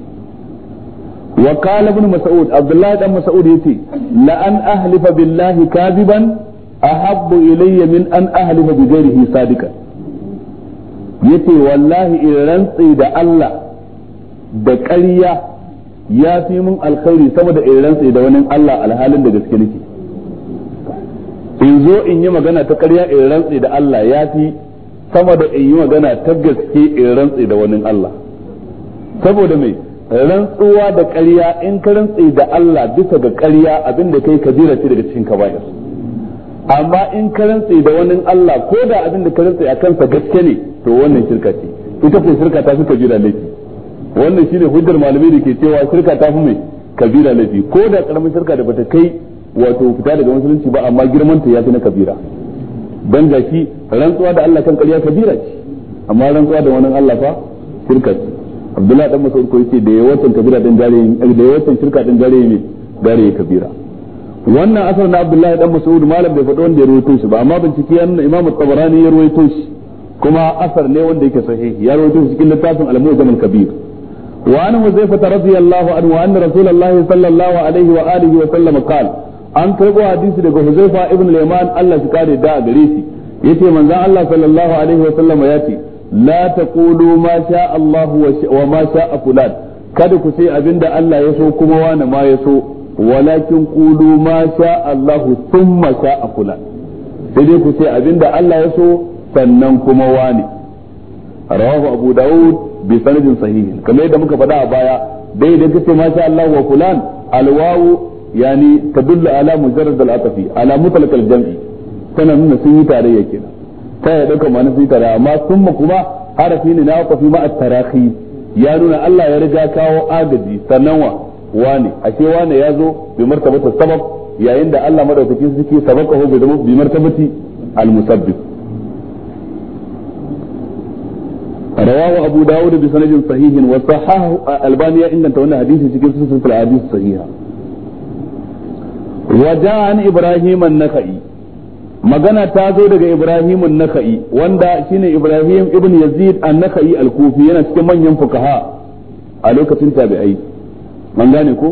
wa qala ibn Mas'ud Abdullah dan Mas'ud yace la an ahlifa billahi kadiban أحب إلي min an ahlifa bi ghairihi sadiqan yace wallahi in rantsi da Allah da ƙarya ya fi mun سمد sama da دا rantsi da wani Allah alhalin da gaske in zo in yi magana ta ƙarya in rantsi da Allah ya fi sama da in yi magana ta gaske in rantsi da wani Allah saboda mai rantsuwa da ƙarya in ka rantsi da Allah bisa ga ƙarya abinda kai kabira shi daga cikin kabayar amma in ka rantsi da wani Allah ko da abin da ka rantsi a kansa gaske ne to wannan shirka ce ita ce shirka ta fi kabira laifi wannan shine hujjar malamai da ke cewa shirka ta fi mai kabira laifi ko da karamin shirka da bata kai wato fita daga musulunci ba amma girman ta yafi na kabira dan gashi rantsuwa da Allah kan ƙarya kabira ce amma rantsuwa da wani Allah fa shirka ce Abdullahi dan Mas'ud ko yace da yawan kabira din gare da yawan shirka din gare ne gare kabira wannan asar na abdullahi dan mas'ud malam bai faɗi wanda ya rawaito shi ba amma bincike ya nuna imamu tabarani ya rawaito shi kuma asar ne wanda yake sahihi ya rawaito shi cikin littafin al-mu'jam al-kabir wa an huzaifah radiyallahu anhu anna rasulullahi sallallahu alaihi wa alihi wa sallam qala an karbo hadisi daga huzaifa ibn al-yaman Allah shi kare da a gare shi yace manzon Allah sallallahu alaihi wa sallam ya ce la taqulu ma sha Allah wa ma sha fulan kada ku sai abinda Allah ya so kuma wani ma ya so walakin qulu ma sha Allahu thumma sha'a fulan sai dai ku ce abinda Allah ya so sannan kuma wani rawahu abu daud bi sanadin sahihin kamar yadda muka faɗa a baya dai idan kace ma sha Allah wa fulan alwawu yani tadullu ala mujarrad al-atfi ala mutlaq al-jam'i tana nuna sun yi tare yake ta ya dauka ma sun yi tare amma thumma kuma harafi ne na waqafi ma at-tarahi ya nuna Allah ya riga kawo agaji sannan wa wane ashe wane ya zo bi martabata sabab yayin da Allah madaukakin sarki sabaqahu bi zama bi martabati al musabbib rawahu abu dawud bi sanadin sahihin wa sahahu albani ya inganta wannan hadisi cikin sunan hadisi sahiha wa ja'a an ibrahim an-nakhai magana ta zo daga Ibrahim an-Nakhai wanda shine Ibrahim ibn Yazid an-Nakhai al-Kufi yana cikin manyan fukaha a lokacin tabi'ai man gane ko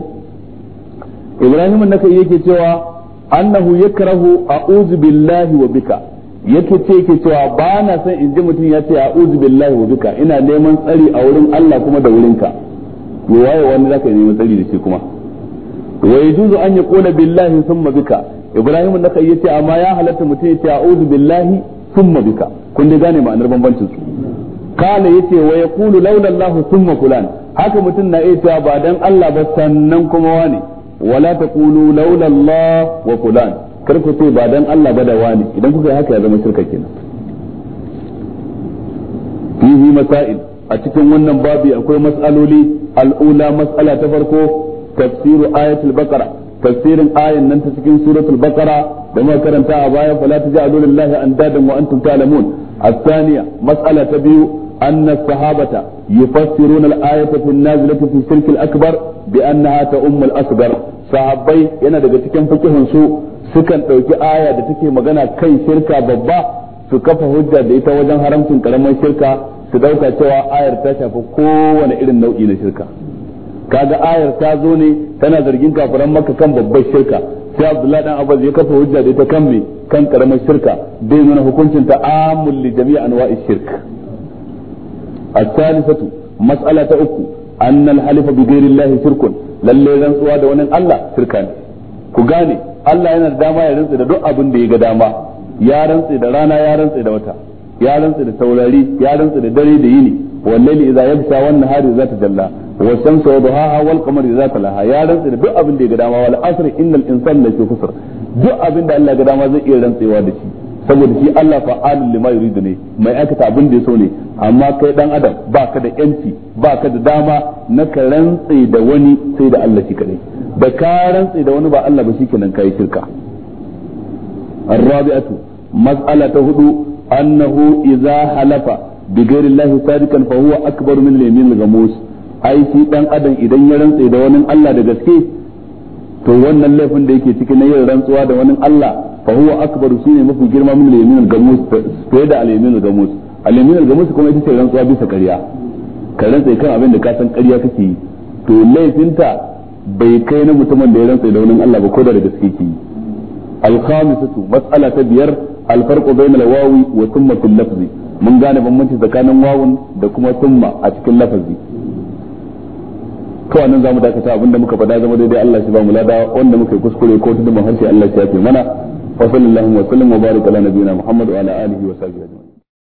ibrahim naka yake cewa annahu yakrahu a'udhu billahi wa bika yake ce yake cewa ba na san in ji mutum ya ce a'udhu billahi wa bika ina neman tsari a wurin Allah kuma da wurinka to waye wani zaka neman tsari da shi kuma wa yajuzu an yaqula billahi thumma bika ibrahim naka yace amma ya halatta mutum ya ce a'udhu billahi thumma bika kun dai gane ma'anar bambancin su kana yace wa yaqulu laula Allah thumma fulan haka mutum na iya cewa ba dan Allah ba sannan kuma wani wala taqulu laula Allah wa fulan kar ku ce ba dan Allah ba da wani idan kuka yi haka ya zama shirka kenan fihi masail a cikin wannan babi akwai mas'aloli al'ula mas'ala ta farko tafsiru ayatul baqara tafsirin ayan nan ta cikin suratul baqara da muka karanta a baya fala taj'alu lillahi andadan wa antum ta'lamun الثانية مسألة biyu. أن الصحابة يفسرون الآية في النازلة في الشرك الأكبر بأنها تأم الأصغر صحابي yana daga cikin fikihun su sukan ɗauki aya da take magana kan shirka babba su kafa hujja da ita wajen haramcin karamar shirka su dauka cewa ayar ta shafi kowane irin nau'i na shirka kaga ayar ta zo ne tana zargin kafiran maka kan babbar shirka sai abdullahi dan abbas ya kafa hujja da ita kan kan karamar shirka bai nuna hukuncin ta amul li jami'a anwa'i shirka الثالثة مسألة أكو أن الحلف بغير الله شرك lallai rantsuwa da wani Allah shirka ne ku gane Allah yana da dama ya rantsa da duk abin da ya ga dama ya rantsa da rana ya rantsa da wata ya rantsa da taurari ya rantsa da dare da yini wallahi idza ya wan wannan hari ta jalla wa shamsu wa duhaha wal qamari za ta laha ya rantsa da duk abin da ya ga dama wal asr innal insana lafi khusr duk abin da Allah ga dama zai iya rantsewa da shi saboda shi Allah fa alim lima yuridu ne mai aikata abin da ya so ne amma kai dan adam ba ka da yanci ba ka da dama na ka rantsi da wani sai da Allah shi kadai da ka rantsi da wani ba Allah ba shikenan kai shirka arrabi'atu mas'ala ta hudu annahu idza halafa bi ghairi Allah sadikan fa huwa akbar min limin gamus ai shi dan adam idan ya rantsi da wani Allah da gaske to wannan laifin da yake cikin na yin rantsuwa da wani Allah fa huwa akbaru shine mafi girma min al-yamin al-gamus fiye da al-yamin al-gamus al-yamin kuma ita ce rantsuwa bisa karya ka rantsa kan abin da ka san ƙarya kake yi to laifinta bai kai na mutumin da ya rantsa da wani Allah ba ko da gaske ke yi ta biyar al-farqu bayna al-wawi wa mun gane tsakanin da kuma a cikin lafazi nan zamu dakata abinda muka fada zama daidai Allah shi ba mu lada wanda muka kuskure ko tudu mu harshe Allah shi ya mana wa sallallahu wa sallam wa baraka ala nabiyyina muhammad ala alihi wa sahbihi ajma'in